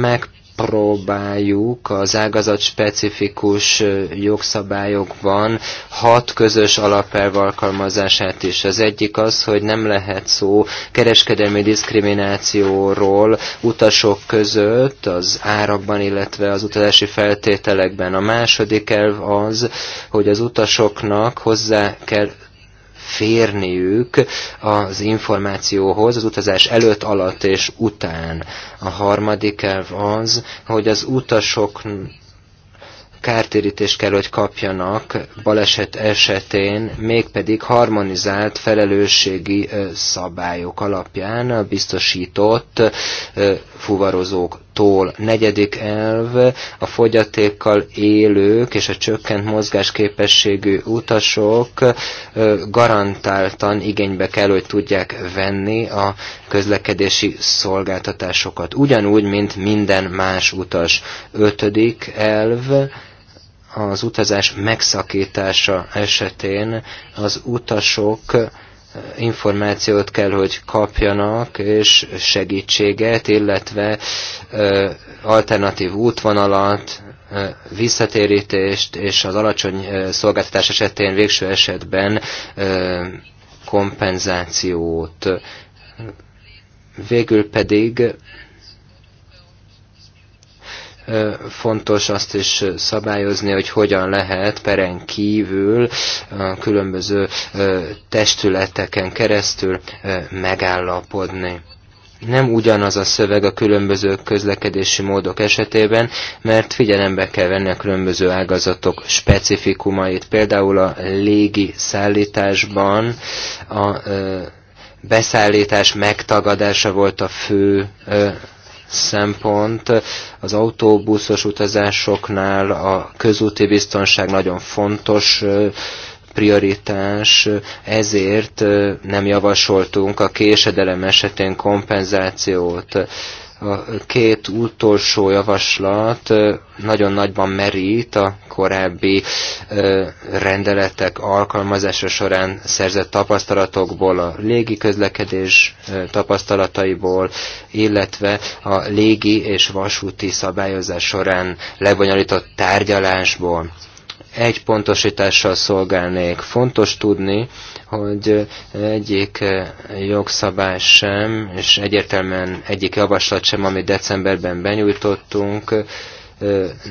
Meg megpróbáljuk az ágazat specifikus jogszabályokban hat közös alapelv alkalmazását is. Az egyik az, hogy nem lehet szó kereskedelmi diszkriminációról utasok között az árakban, illetve az utazási feltételekben. A második elv az, hogy az utasoknak hozzá kell férniük az információhoz az utazás előtt, alatt és után. A harmadik elv az, hogy az utasok kártérítést kell, hogy kapjanak baleset esetén, mégpedig harmonizált felelősségi szabályok alapján a biztosított fuvarozók tól. Negyedik elv, a fogyatékkal élők és a csökkent mozgásképességű utasok garantáltan igénybe kell, hogy tudják venni a közlekedési szolgáltatásokat. Ugyanúgy, mint minden más utas. Ötödik elv, az utazás megszakítása esetén az utasok információt kell, hogy kapjanak, és segítséget, illetve alternatív útvonalat, visszatérítést, és az alacsony szolgáltatás esetén végső esetben kompenzációt. Végül pedig Fontos azt is szabályozni, hogy hogyan lehet peren kívül különböző testületeken keresztül megállapodni nem ugyanaz a szöveg a különböző közlekedési módok esetében, mert figyelembe kell venni a különböző ágazatok specifikumait. Például a légi szállításban a ö, beszállítás megtagadása volt a fő ö, szempont. Az autóbuszos utazásoknál a közúti biztonság nagyon fontos prioritás, ezért nem javasoltunk a késedelem esetén kompenzációt a két utolsó javaslat nagyon nagyban merít a korábbi rendeletek alkalmazása során szerzett tapasztalatokból, a légi közlekedés tapasztalataiból, illetve a légi és vasúti szabályozás során lebonyolított tárgyalásból. Egy pontosítással szolgálnék. Fontos tudni, hogy egyik jogszabály sem, és egyértelműen egyik javaslat sem, amit decemberben benyújtottunk,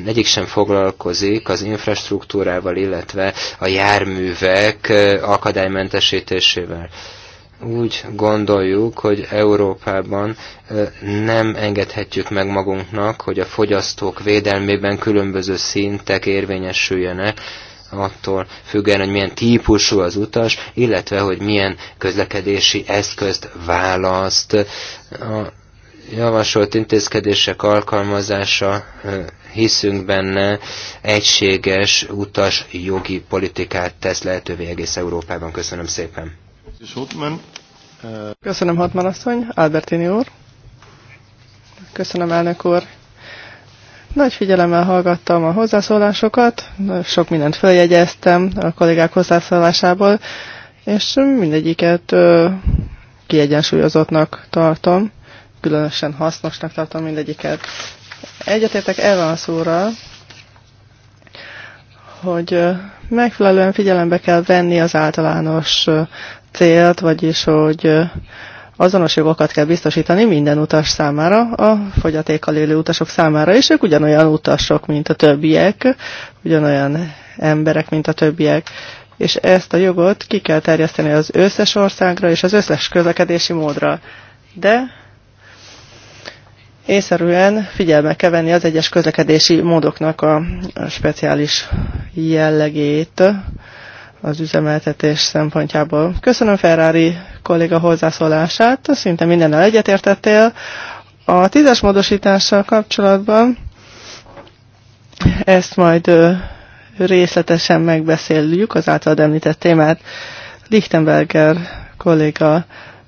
egyik sem foglalkozik az infrastruktúrával, illetve a járművek akadálymentesítésével úgy gondoljuk, hogy Európában nem engedhetjük meg magunknak, hogy a fogyasztók védelmében különböző szintek érvényesüljenek, attól függően, hogy milyen típusú az utas, illetve hogy milyen közlekedési eszközt választ. A javasolt intézkedések alkalmazása hiszünk benne egységes utas jogi politikát tesz lehetővé egész Európában. Köszönöm szépen. Köszönöm Hatman asszony, Albertini úr. Köszönöm elnök úr. Nagy figyelemmel hallgattam a hozzászólásokat, sok mindent feljegyeztem a kollégák hozzászólásából, és mindegyiket kiegyensúlyozottnak tartom, különösen hasznosnak tartom mindegyiket. Egyetértek a szóra, hogy megfelelően figyelembe kell venni az általános célt, vagyis hogy azonos jogokat kell biztosítani minden utas számára, a fogyatékkal élő utasok számára, és ők ugyanolyan utasok, mint a többiek, ugyanolyan emberek, mint a többiek. És ezt a jogot ki kell terjeszteni az összes országra és az összes közlekedési módra. De észszerűen figyelme kell venni az egyes közlekedési módoknak a speciális jellegét, az üzemeltetés szempontjából. Köszönöm Ferrari kolléga hozzászólását, szinte mindennel egyetértettél. A tízes módosítással kapcsolatban ezt majd részletesen megbeszéljük, az általad említett témát. Lichtenberger kolléga,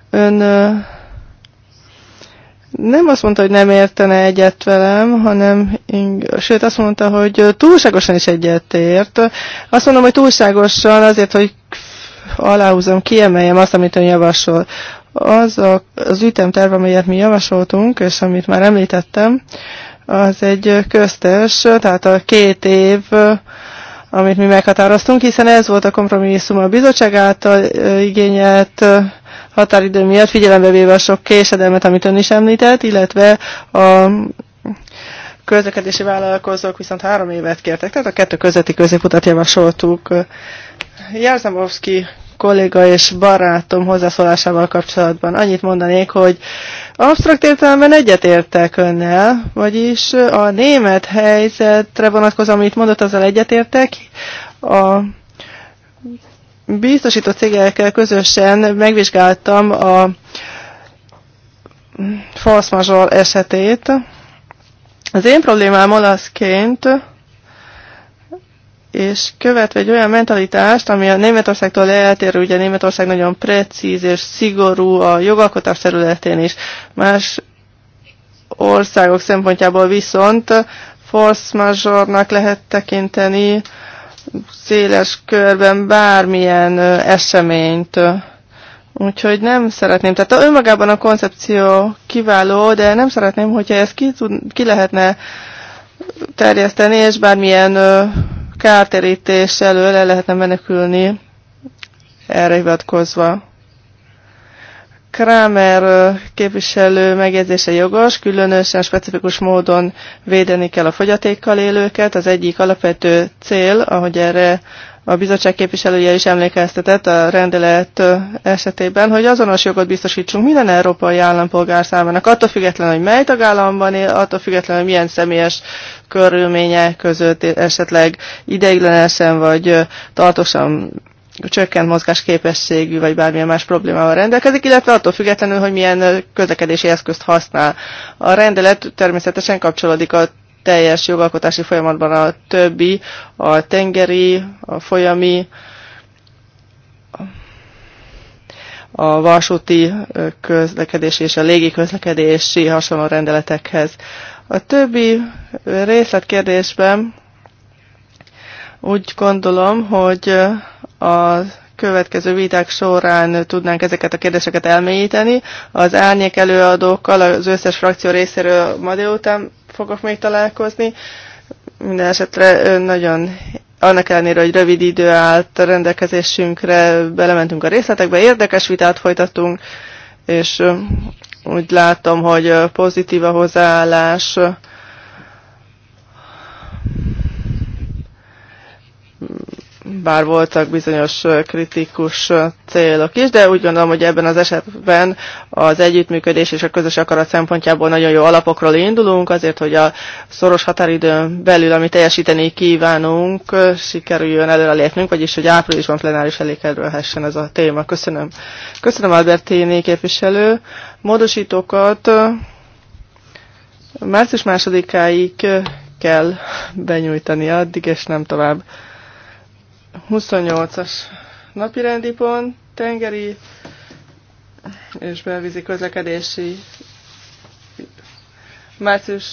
ön nem azt mondta, hogy nem értene egyet velem, hanem sőt azt mondta, hogy túlságosan is ért. Azt mondom, hogy túlságosan azért, hogy aláhúzom, kiemeljem azt, amit ön javasol. Az a, az ütemterv, amelyet mi javasoltunk, és amit már említettem, az egy köztes, tehát a két év, amit mi meghatároztunk, hiszen ez volt a kompromisszum a bizottság által igényelt határidő miatt, figyelembe véve a sok késedelmet, amit ön is említett, illetve a közlekedési vállalkozók viszont három évet kértek, tehát a kettő közötti középutat javasoltuk. Jarzembowski kolléga és barátom hozzászólásával kapcsolatban annyit mondanék, hogy absztrakt értelemben egyetértek önnel, vagyis a német helyzetre vonatkozom, amit mondott, azzal egyetértek. A biztosító cégekkel közösen megvizsgáltam a false major esetét. Az én problémám olaszként, és követve egy olyan mentalitást, ami a Németországtól eltérő, ugye Németország nagyon precíz és szigorú a jogalkotás területén is. Más országok szempontjából viszont force majornak lehet tekinteni széles körben bármilyen eseményt. Úgyhogy nem szeretném, tehát önmagában a koncepció kiváló, de nem szeretném, hogyha ezt ki, tud, ki lehetne terjeszteni, és bármilyen kártérítés elől el lehetne menekülni erre hivatkozva. Kramer képviselő megjegyzése jogos, különösen specifikus módon védeni kell a fogyatékkal élőket. Az egyik alapvető cél, ahogy erre a bizottság képviselője is emlékeztetett a rendelet esetében, hogy azonos jogot biztosítsunk minden európai állampolgár számának, attól függetlenül, hogy mely tagállamban él, attól függetlenül, hogy milyen személyes körülmények között esetleg ideiglenesen vagy tartósan csökkent mozgásképességű, vagy bármilyen más problémával rendelkezik, illetve attól függetlenül, hogy milyen közlekedési eszközt használ. A rendelet természetesen kapcsolódik a teljes jogalkotási folyamatban a többi, a tengeri, a folyami, a vasúti közlekedés és a légi közlekedési hasonló rendeletekhez. A többi részletkérdésben úgy gondolom, hogy a következő viták során tudnánk ezeket a kérdéseket elmélyíteni. Az árnyék előadókkal az összes frakció részéről ma délután fogok még találkozni. Minden esetre nagyon annak ellenére, hogy rövid idő állt a rendelkezésünkre, belementünk a részletekbe, érdekes vitát folytatunk, és úgy látom, hogy pozitív a hozzáállás bár voltak bizonyos kritikus célok is, de úgy gondolom, hogy ebben az esetben az együttműködés és a közös akarat szempontjából nagyon jó alapokról indulunk, azért, hogy a szoros határidőn belül, amit teljesíteni kívánunk, sikerüljön lépnünk, vagyis hogy áprilisban plenáris elé kerülhessen ez a téma. Köszönöm. Köszönöm Albertini képviselő. Módosítókat március másodikáig kell benyújtani addig, és nem tovább. 28-as napirendi pont, tengeri és belvízi közlekedési március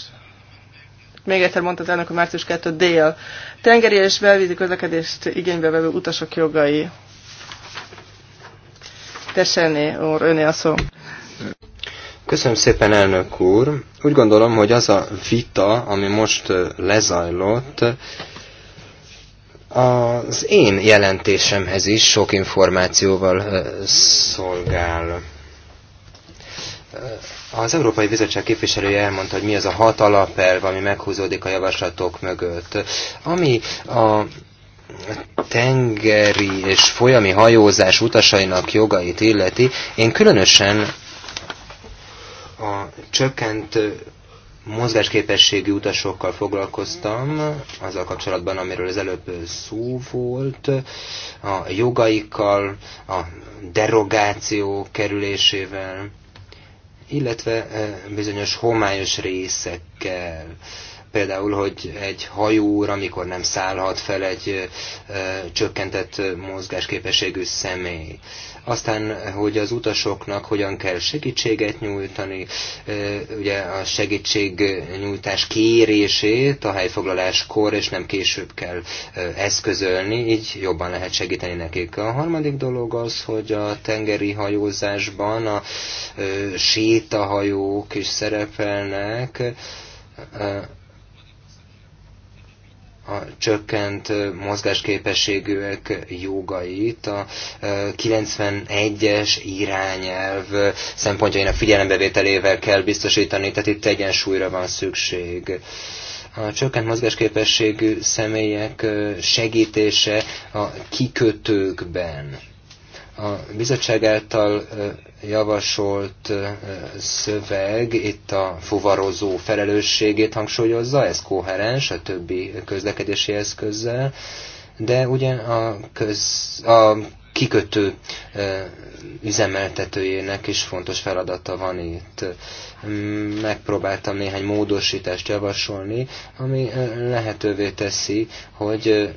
még egyszer mondta az elnök, hogy március 2 dél. Tengeri és belvízi közlekedést igénybe vevő utasok jogai. Tessené, úr, öné a szó. Köszönöm szépen, elnök úr. Úgy gondolom, hogy az a vita, ami most eh, lezajlott, az én jelentésemhez is sok információval szolgál. Az Európai Bizottság képviselője elmondta, hogy mi az a hat alapelv, ami meghúzódik a javaslatok mögött. Ami a tengeri és folyami hajózás utasainak jogait illeti, én különösen a csökkent mozgásképességű utasokkal foglalkoztam, azzal kapcsolatban, amiről az előbb szó volt, a jogaikkal, a derogáció kerülésével, illetve e, bizonyos homályos részekkel. Például, hogy egy hajóra, amikor nem szállhat fel egy ö, e, csökkentett mozgásképességű személy. Ö, aztán, hogy az utasoknak hogyan kell segítséget nyújtani, ugye a segítségnyújtás kérését a helyfoglaláskor és nem később kell eszközölni, így jobban lehet segíteni nekik. A harmadik dolog az, hogy a tengeri hajózásban a sétahajók is szerepelnek, a csökkent mozgásképességűek jogait a 91-es irányelv szempontjainak figyelembevételével kell biztosítani, tehát itt egyensúlyra van szükség a csökkent mozgásképességű személyek segítése a kikötőkben. A bizottság által javasolt szöveg itt a fuvarozó felelősségét hangsúlyozza, ez koherens a többi közlekedési eszközzel, de ugye a, köz, a kikötő üzemeltetőjének is fontos feladata van itt. Megpróbáltam néhány módosítást javasolni, ami lehetővé teszi, hogy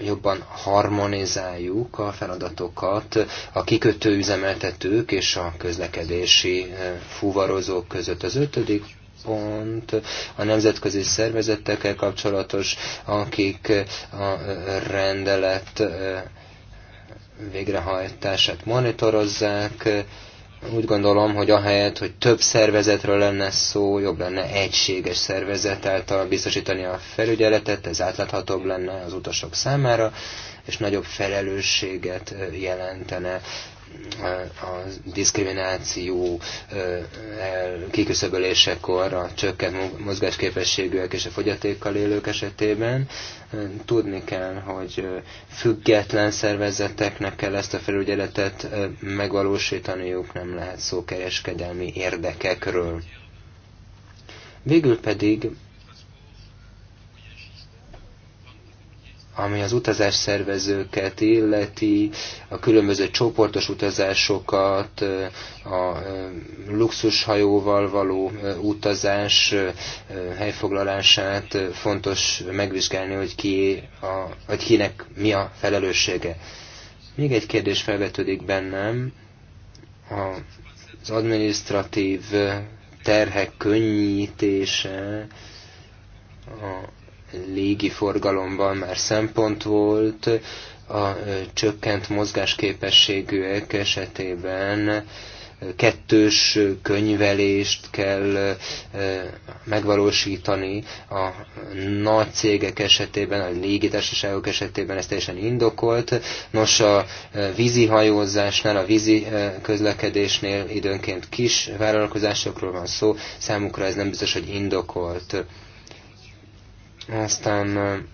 jobban harmonizáljuk a feladatokat a kikötő üzemeltetők és a közlekedési eh, fuvarozók között. Az ötödik pont a nemzetközi szervezetekkel kapcsolatos, akik eh, a eh, rendelet végrehajtását monitorozzák, úgy gondolom, hogy ahelyett, hogy több szervezetről lenne szó, jobb lenne egységes szervezet által biztosítani a felügyeletet, ez átláthatóbb lenne az utasok számára, és nagyobb felelősséget jelentene a diszkrimináció kiküszöbölésekor a csökkent mozgásképességűek és a fogyatékkal élők esetében. Tudni kell, hogy független szervezeteknek kell ezt a felügyeletet megvalósítaniuk, nem lehet szó kereskedelmi érdekekről. Végül pedig ami az utazás szervezőket illeti, a különböző csoportos utazásokat, a luxushajóval való utazás helyfoglalását fontos megvizsgálni, hogy, ki a, hogy kinek mi a felelőssége. Még egy kérdés felvetődik bennem, az administratív terhek könnyítése, a légiforgalomban már szempont volt, a csökkent mozgásképességűek esetében kettős könyvelést kell megvalósítani. A nagy cégek esetében, a légitársaságok esetében ez teljesen indokolt. Nos, a vízi hajózásnál, a vízi közlekedésnél időnként kis vállalkozásokról van szó, számukra ez nem biztos, hogy indokolt. Aztán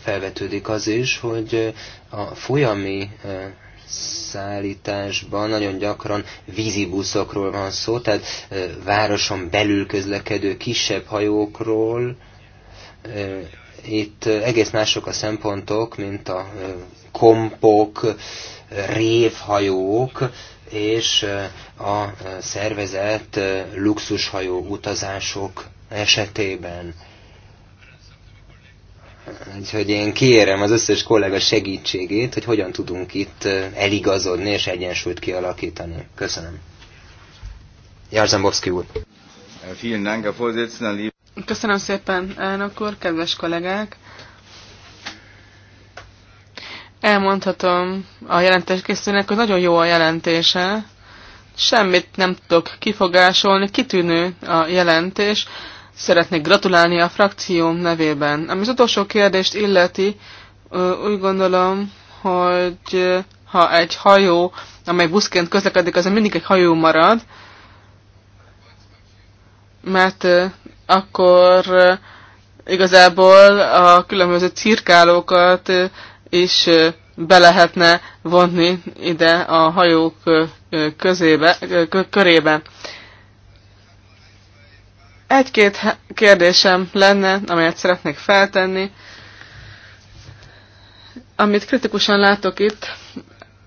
felvetődik az is, hogy a folyami szállításban nagyon gyakran vízibuszokról van szó, tehát városon belül közlekedő kisebb hajókról. Itt egész mások a szempontok, mint a kompok, révhajók, és a szervezett luxushajó utazások esetében. Úgyhogy én kérem az összes kollega segítségét, hogy hogyan tudunk itt eligazodni és egyensúlyt kialakítani. Köszönöm. Jarzembowski úr. Köszönöm szépen, elnök úr, kedves kollégák. Elmondhatom a jelentéskészítőnek, hogy nagyon jó a jelentése. Semmit nem tudok kifogásolni, kitűnő a jelentés szeretnék gratulálni a frakcióm nevében. Ami az utolsó kérdést illeti, úgy gondolom, hogy ha egy hajó, amely buszként közlekedik, az mindig egy hajó marad, mert akkor igazából a különböző cirkálókat is be lehetne vonni ide a hajók közébe, körében. Egy-két kérdésem lenne, amelyet szeretnék feltenni. Amit kritikusan látok itt,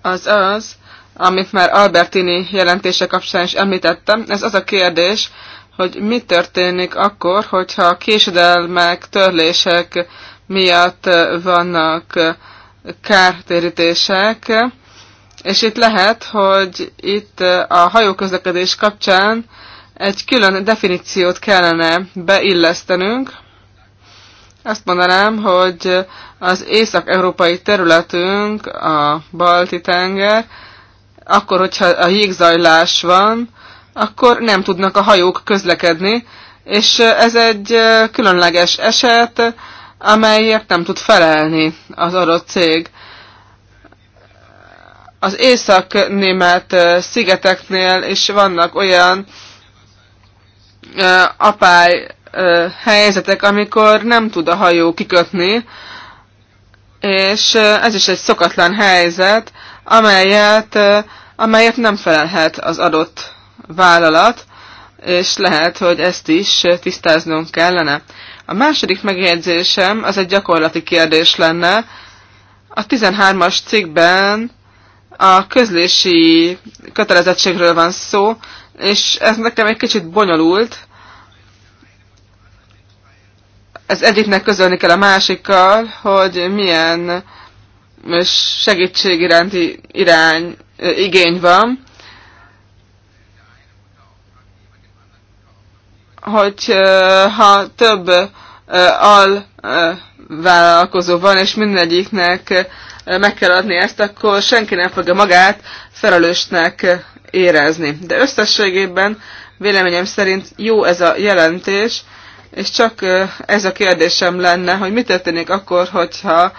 az az, amit már Albertini jelentése kapcsán is említettem, ez az a kérdés, hogy mi történik akkor, hogyha késedelmek, törlések miatt vannak kártérítések, és itt lehet, hogy itt a hajóközlekedés kapcsán egy külön definíciót kellene beillesztenünk. Azt mondanám, hogy az észak-európai területünk, a Balti-tenger, akkor, hogyha a jégzajlás van, akkor nem tudnak a hajók közlekedni, és ez egy különleges eset, amelyért nem tud felelni az adott cég. Az észak-német szigeteknél is vannak olyan apály helyzetek, amikor nem tud a hajó kikötni, és ez is egy szokatlan helyzet, amelyet, amelyet nem felelhet az adott vállalat, és lehet, hogy ezt is tisztáznunk kellene. A második megjegyzésem az egy gyakorlati kérdés lenne. A 13-as cikkben a közlési kötelezettségről van szó, és ez nekem egy kicsit bonyolult. Ez egyiknek közölni kell a másikkal, hogy milyen segítség iránti irány, igény van. Hogy ha több alvállalkozó van, és mindegyiknek meg kell adni ezt, akkor senki nem fogja magát felelősnek érezni. De összességében véleményem szerint jó ez a jelentés, és csak ez a kérdésem lenne, hogy mi történik akkor, hogyha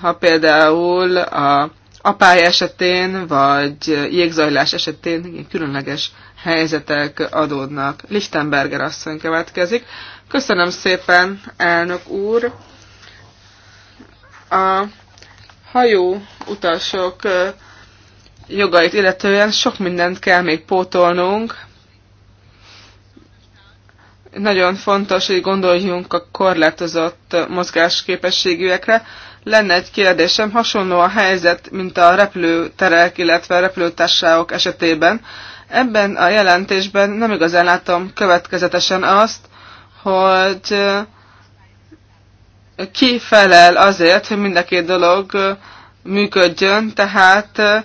ha például a apály esetén, vagy jégzajlás esetén különleges helyzetek adódnak. Lichtenberger asszony következik. Köszönöm szépen, elnök úr! A hajó utasok jogait illetően sok mindent kell még pótolnunk. Nagyon fontos, hogy gondoljunk a korlátozott mozgásképességűekre. Lenne egy kérdésem, hasonló a helyzet, mint a repülőterek, illetve a repülőtársaságok esetében. Ebben a jelentésben nem igazán látom következetesen azt, hogy eh, ki felel azért, hogy mind a két dolog eh, működjön, tehát eh,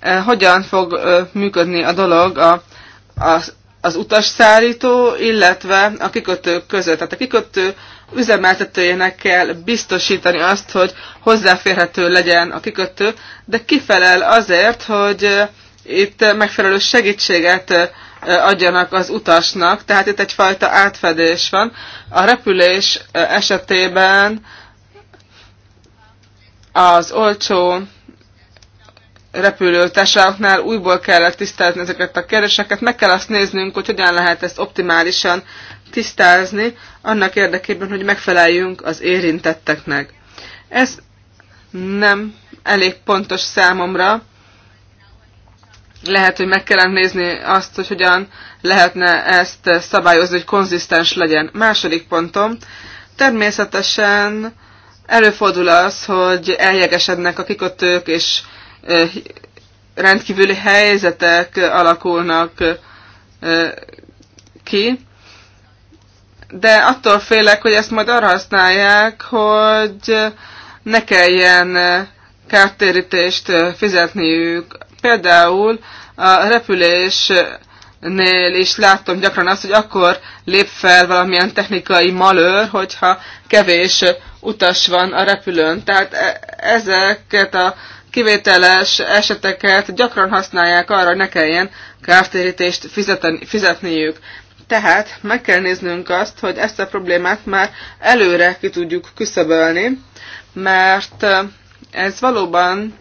Eh, hogyan fog eh, működni a dolog a, az, az utasszállító, illetve a kikötő között. Tehát a kikötő üzemeltetőjének kell biztosítani azt, hogy hozzáférhető legyen a kikötő, de kifelel azért, hogy eh, itt megfelelő segítséget adjanak az utasnak, tehát itt egyfajta átfedés van. A repülés esetében az olcsó repülőtársaságnál újból kellett tisztázni ezeket a kérdéseket, meg kell azt néznünk, hogy hogyan lehet ezt optimálisan tisztázni, annak érdekében, hogy megfeleljünk az érintetteknek. Ez nem elég pontos számomra. Lehet, hogy meg kellene nézni azt, hogy hogyan lehetne ezt szabályozni, hogy konzisztens legyen. Második pontom. Természetesen előfordul az, hogy eljegesednek a kikötők, és rendkívüli helyzetek alakulnak ki, de attól félek, hogy ezt majd arra használják, hogy ne kelljen kártérítést fizetniük. Például a repülésnél is látom gyakran azt, hogy akkor lép fel valamilyen technikai malőr, hogyha kevés utas van a repülőn. Tehát e- ezeket a kivételes eseteket gyakran használják arra, hogy ne kelljen kártérítést fizetniük. Tehát meg kell néznünk azt, hogy ezt a problémát már előre ki tudjuk küszöbölni, mert ez valóban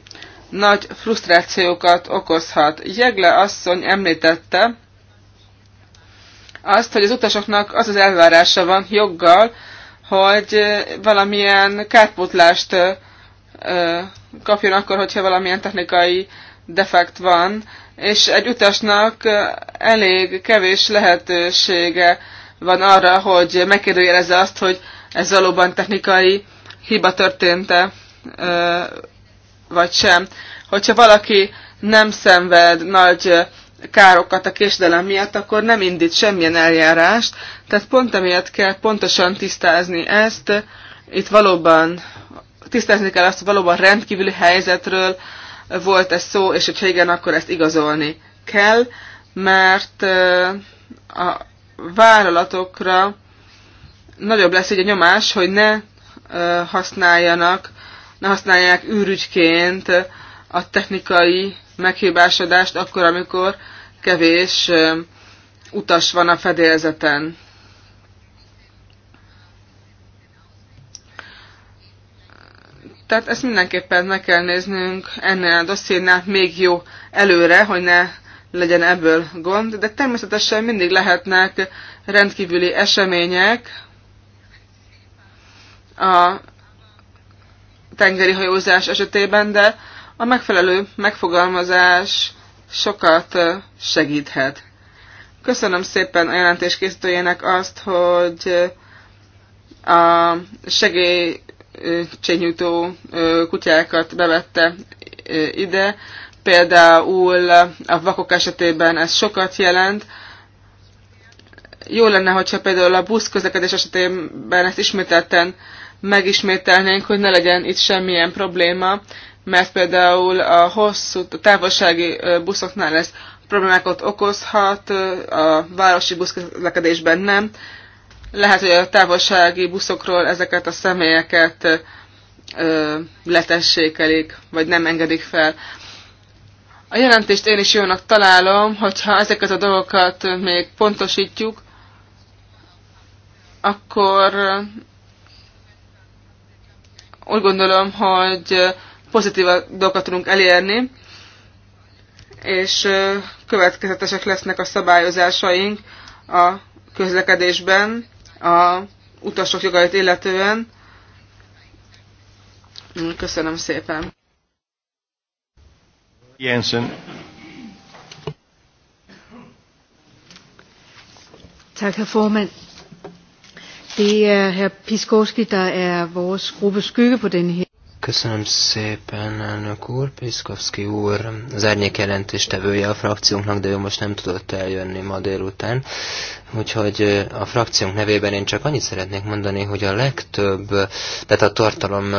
nagy frusztrációkat okozhat. Jegle asszony említette azt, hogy az utasoknak az az elvárása van joggal, hogy valamilyen kárpótlást kapjon akkor, hogyha valamilyen technikai defekt van, és egy utasnak elég kevés lehetősége van arra, hogy megkérdőjelezze azt, hogy ez valóban technikai hiba történt-e, vagy sem. Hogyha valaki nem szenved nagy károkat a késdelem miatt, akkor nem indít semmilyen eljárást, tehát pont emiatt kell pontosan tisztázni ezt. Itt valóban tisztázni kell azt, hogy valóban rendkívüli helyzetről volt ez szó, és hogyha igen, akkor ezt igazolni kell, mert a vállalatokra nagyobb lesz egy a nyomás, hogy ne használjanak, ne használják űrügyként a technikai meghibásodást akkor, amikor kevés utas van a fedélzeten. Tehát ezt mindenképpen meg kell néznünk ennél a dossziénál még jó előre, hogy ne legyen ebből gond, de természetesen mindig lehetnek rendkívüli események a tengeri hajózás esetében, de a megfelelő megfogalmazás sokat segíthet. Köszönöm szépen a jelentés készítőjének azt, hogy a segély csényújtó kutyákat bevette ide. Például a vakok esetében ez sokat jelent. Jó lenne, hogyha például a buszközlekedés esetében ezt ismételten megismételnénk, hogy ne legyen itt semmilyen probléma, mert például a hosszú, a távolsági buszoknál ez problémákat okozhat, a városi buszközlekedésben nem. Lehet, hogy a távolsági buszokról ezeket a személyeket ö, letessékelik, vagy nem engedik fel. A jelentést én is jónak találom, hogyha ezeket a dolgokat még pontosítjuk, akkor úgy gondolom, hogy pozitív dolgokat tudunk elérni, és következetesek lesznek a szabályozásaink a közlekedésben, a utasok jogait illetően. Köszönöm szépen. Jensen. Tak, herr formand. Det er herr Piskorski, der er vores gruppes skygge på den her. Köszönöm szépen, elnök úr. Piszkovszki úr, az árnyék jelentéstevője a frakciónknak, de ő most nem tudott eljönni ma délután. Úgyhogy a frakciónk nevében én csak annyit szeretnék mondani, hogy a legtöbb, tehát a tartalom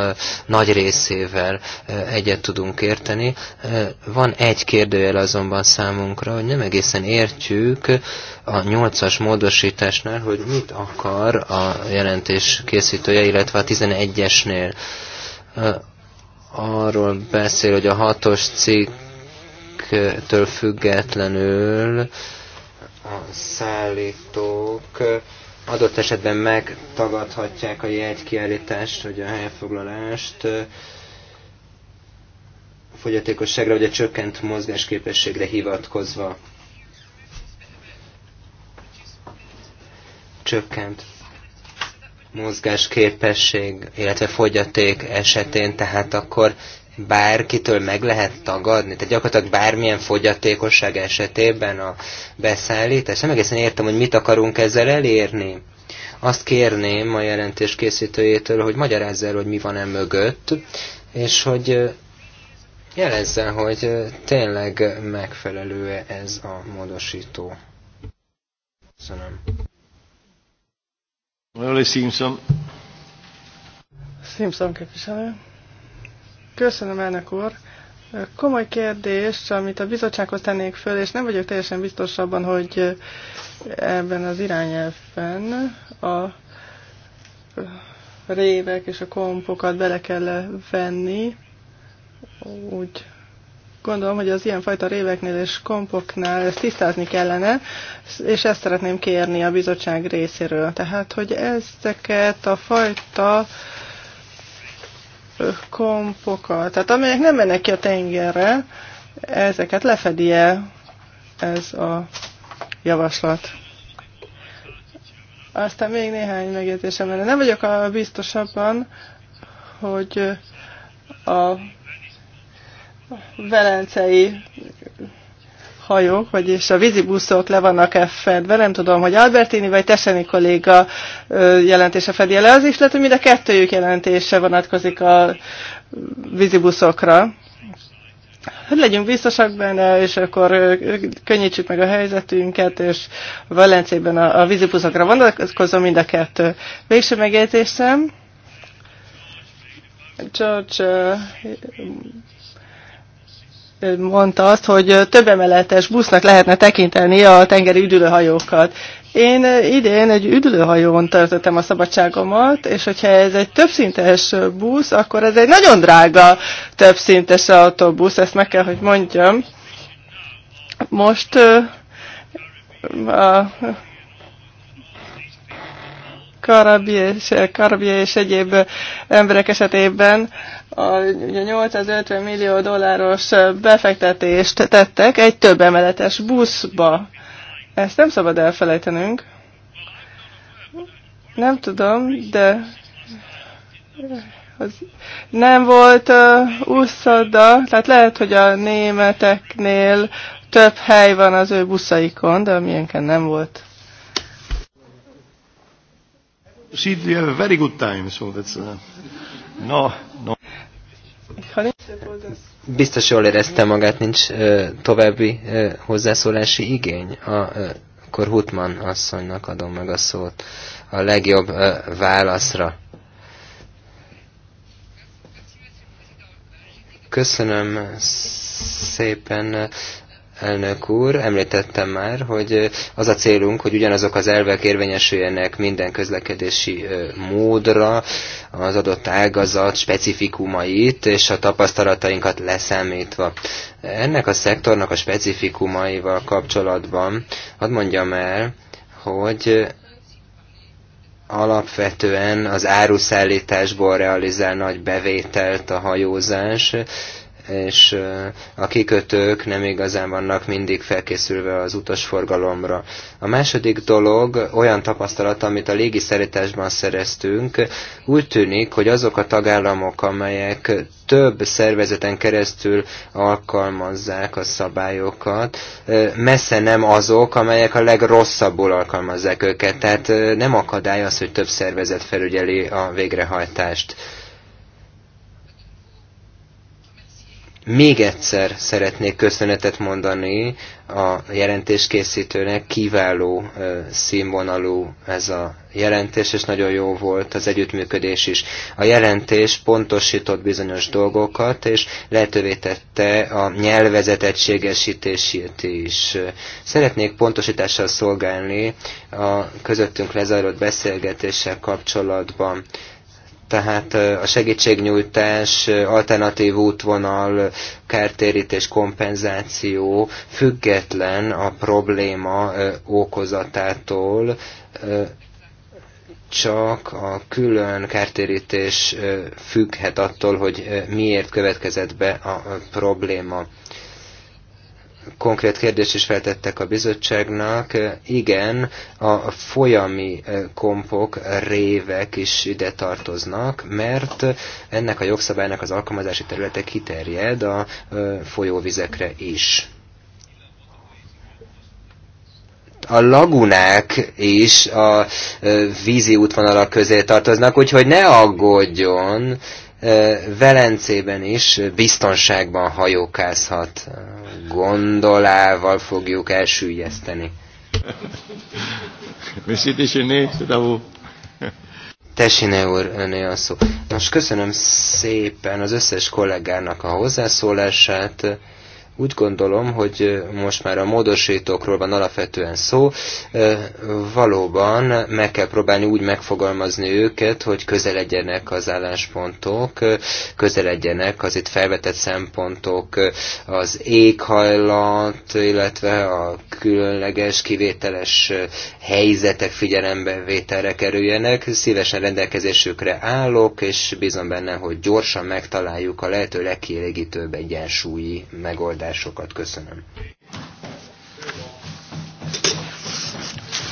nagy részével egyet tudunk érteni. Van egy kérdőjel azonban számunkra, hogy nem egészen értjük a nyolcas módosításnál, hogy mit akar a jelentés készítője, illetve a 11-esnél arról beszél, hogy a hatos cikktől függetlenül a szállítók adott esetben megtagadhatják a jegykiállítást, vagy a helyfoglalást fogyatékosságra, vagy a csökkent mozgásképességre hivatkozva. Csökkent mozgásképesség, illetve fogyaték esetén, tehát akkor bárkitől meg lehet tagadni? Tehát gyakorlatilag bármilyen fogyatékosság esetében a beszállítás? Nem egészen értem, hogy mit akarunk ezzel elérni. Azt kérném a jelentés készítőjétől, hogy magyarázza el, hogy mi van e mögött, és hogy jelezze, hogy tényleg megfelelő -e ez a módosító. Köszönöm. Honorable Simpson. Simpson képviselő. Köszönöm, elnök úr. Komoly kérdés, amit a bizottsághoz tennék föl, és nem vagyok teljesen biztos abban, hogy ebben az irányelvben a révek és a kompokat bele kell venni, úgy Gondolom, hogy az ilyenfajta réveknél és kompoknál ezt tisztázni kellene, és ezt szeretném kérni a bizottság részéről. Tehát, hogy ezeket a fajta kompokat, tehát amelyek nem mennek ki a tengerre, ezeket lefedie ez a javaslat. Aztán még néhány megjegyzésem lenne. Nem vagyok a biztosabban, hogy a velencei hajók, vagyis a vízibuszok le vannak-e fedve, nem tudom, hogy Albertini vagy Teseni kolléga jelentése fedje le. Az is lehet, hogy mind a kettőjük jelentése vonatkozik a vízibuszokra. Hogy legyünk biztosak benne, és akkor könnyítsük meg a helyzetünket, és Valencében a, a vízipuszokra vonatkozom mind a kettő. Végső megjegyzésem. George mondta azt, hogy több emeletes busznak lehetne tekinteni a tengeri üdülőhajókat. Én idén egy üdülőhajón töltöttem a szabadságomat, és hogyha ez egy többszintes busz, akkor ez egy nagyon drága többszintes autóbusz, ezt meg kell, hogy mondjam. Most a karabi és, karabi és egyéb emberek esetében a 850 millió dolláros befektetést tettek egy több emeletes buszba. Ezt nem szabad elfelejtenünk. Nem tudom, de az nem volt uh, úszoda, tehát lehet, hogy a németeknél több hely van az ő buszaikon, de a miénken nem volt she you have a very good time, so that's uh, no, no. Biztos jól érezte magát, nincs ö, további ö, hozzászólási igény. A, ö, akkor Hutman asszonynak adom meg a szót a legjobb ö, válaszra. Köszönöm szépen elnök úr, említettem már, hogy az a célunk, hogy ugyanazok az elvek érvényesüljenek minden közlekedési módra, az adott ágazat specifikumait és a tapasztalatainkat leszámítva. Ennek a szektornak a specifikumaival kapcsolatban hadd mondjam el, hogy alapvetően az áruszállításból realizál nagy bevételt a hajózás, és a kikötők nem igazán vannak mindig felkészülve az utasforgalomra. A második dolog olyan tapasztalat, amit a légiszerításban szereztünk, úgy tűnik, hogy azok a tagállamok, amelyek több szervezeten keresztül alkalmazzák a szabályokat, messze nem azok, amelyek a legrosszabbul alkalmazzák őket. Tehát nem akadály az, hogy több szervezet felügyeli a végrehajtást Még egyszer szeretnék köszönetet mondani a jelentéskészítőnek, kiváló színvonalú ez a jelentés, és nagyon jó volt az együttműködés is. A jelentés pontosított bizonyos dolgokat, és lehetővé tette a nyelvezet egységesítését is. Szeretnék pontosítással szolgálni a közöttünk lezajlott beszélgetéssel kapcsolatban tehát a segítségnyújtás, alternatív útvonal, kártérítés, kompenzáció független a probléma okozatától, csak a külön kártérítés függhet attól, hogy miért következett be a probléma konkrét kérdést is feltettek a bizottságnak. Igen, a folyami eh, kompok, révek is ide tartoznak, mert ennek a jogszabálynak az alkalmazási területe kiterjed a eh, folyóvizekre is. a lagunák is a eh, vízi útvonalak közé tartoznak, úgyhogy ne aggódjon, Velencében is biztonságban hajókázhat. Gondolával fogjuk elsüllyeszteni. Tessine úr, öné a szó. Most köszönöm szépen az összes kollégának a hozzászólását. Úgy gondolom, hogy most már a módosítókról van alapvetően szó, valóban meg kell próbálni úgy megfogalmazni őket, hogy közeledjenek az álláspontok, közeledjenek az itt felvetett szempontok, az éghajlat, illetve a különleges, kivételes helyzetek vételre kerüljenek. Szívesen rendelkezésükre állok, és bízom benne, hogy gyorsan megtaláljuk a lehető legkielégítőbb egyensúlyi megoldást megoldásokat. Köszönöm.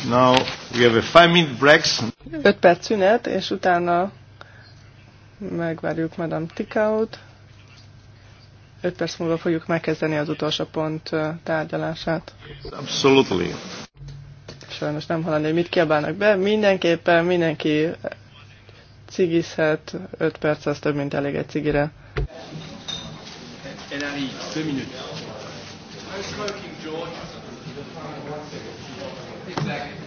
Now we have a five minute break. 5 perc szünet, és utána megvárjuk Madame Tikaut. 5 perc múlva fogjuk megkezdeni az utolsó pont tárgyalását. Absolutely. Sajnos nem hallani, hogy mit kiabálnak be. Mindenképpen mindenki cigizhet, 5 perc az több, mint elég egy cigire. Elle arrive, deux minutes. Exactly.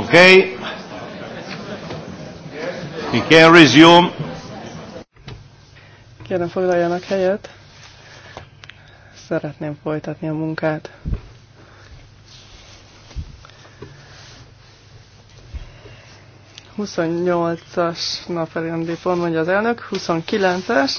Okay. We can resume. Kérem foglaljanak helyet. Szeretném folytatni a munkát. Huszonnyolcas naperendi pont mondja az elnök, 29-es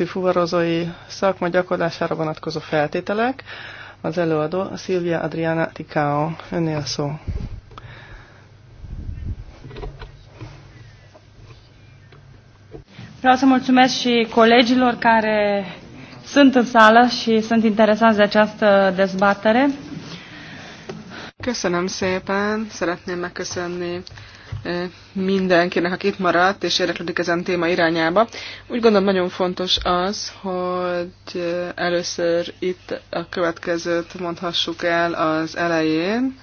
közötti fuvarozói szakma gyakorlására vonatkozó feltételek. Az előadó Szilvia Adriana Ticao. Önnél a szó. Vreau să mulțumesc și colegilor care sunt în sală și sunt interesați de această dezbatere. Köszönöm szépen, szeretném megköszönni mindenkinek, aki itt maradt, és érdeklődik ezen téma irányába. Úgy gondolom nagyon fontos az, hogy először itt a következőt mondhassuk el az elején.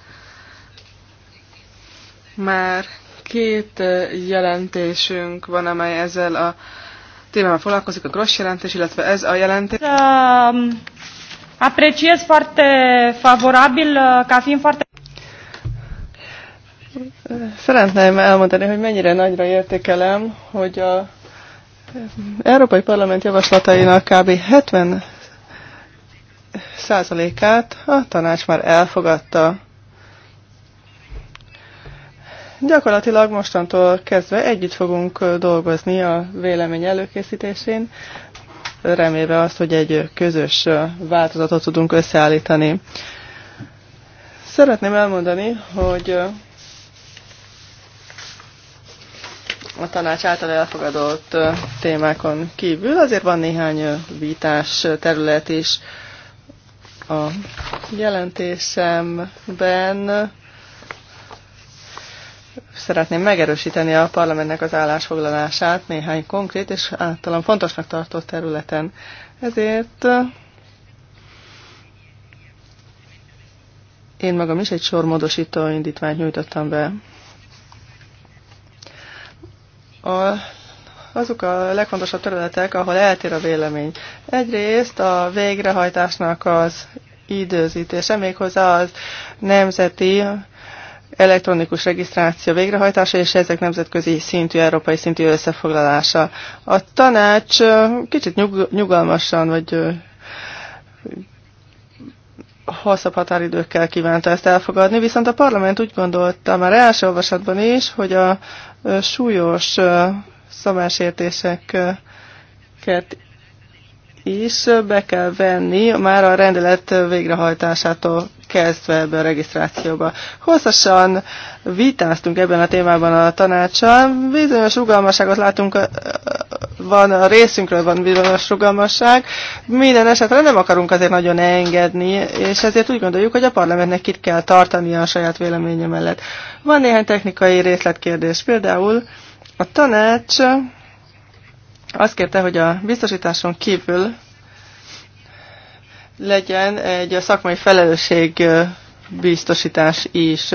Már két jelentésünk van, amely ezzel a témával foglalkozik, a gross jelentés, illetve ez a jelentés. Um, apreciez foarte favorabil, ca fiind foarte... Szeretném elmondani, hogy mennyire nagyra értékelem, hogy a Európai Parlament javaslatainak kb. 70 százalékát a tanács már elfogadta. Gyakorlatilag mostantól kezdve együtt fogunk dolgozni a vélemény előkészítésén, remélve azt, hogy egy közös változatot tudunk összeállítani. Szeretném elmondani, hogy a tanács által elfogadott témákon kívül. Azért van néhány vitás terület is a jelentésemben. Szeretném megerősíteni a parlamentnek az állásfoglalását néhány konkrét és általán fontosnak tartott területen. Ezért én magam is egy sor módosító indítványt nyújtottam be a, azok a legfontosabb területek, ahol eltér a vélemény. Egyrészt a végrehajtásnak az időzítése, méghozzá az nemzeti elektronikus regisztráció végrehajtása és ezek nemzetközi szintű, európai szintű összefoglalása. A tanács kicsit nyug, nyugalmasan vagy hosszabb határidőkkel kívánta ezt elfogadni, viszont a parlament úgy gondolta már első olvasatban is, hogy a súlyos szabásértéseket is be kell venni már a rendelet végrehajtásától kezdve ebbe a regisztrációba. Hosszasan vitáztunk ebben a témában a tanácsal. bizonyos rugalmasságot látunk, van a részünkről van bizonyos rugalmasság, minden esetre nem akarunk azért nagyon engedni, és ezért úgy gondoljuk, hogy a parlamentnek itt kell tartania a saját véleménye mellett. Van néhány technikai részletkérdés, például a tanács azt kérte, hogy a biztosításon kívül legyen egy a szakmai felelősség biztosítás is.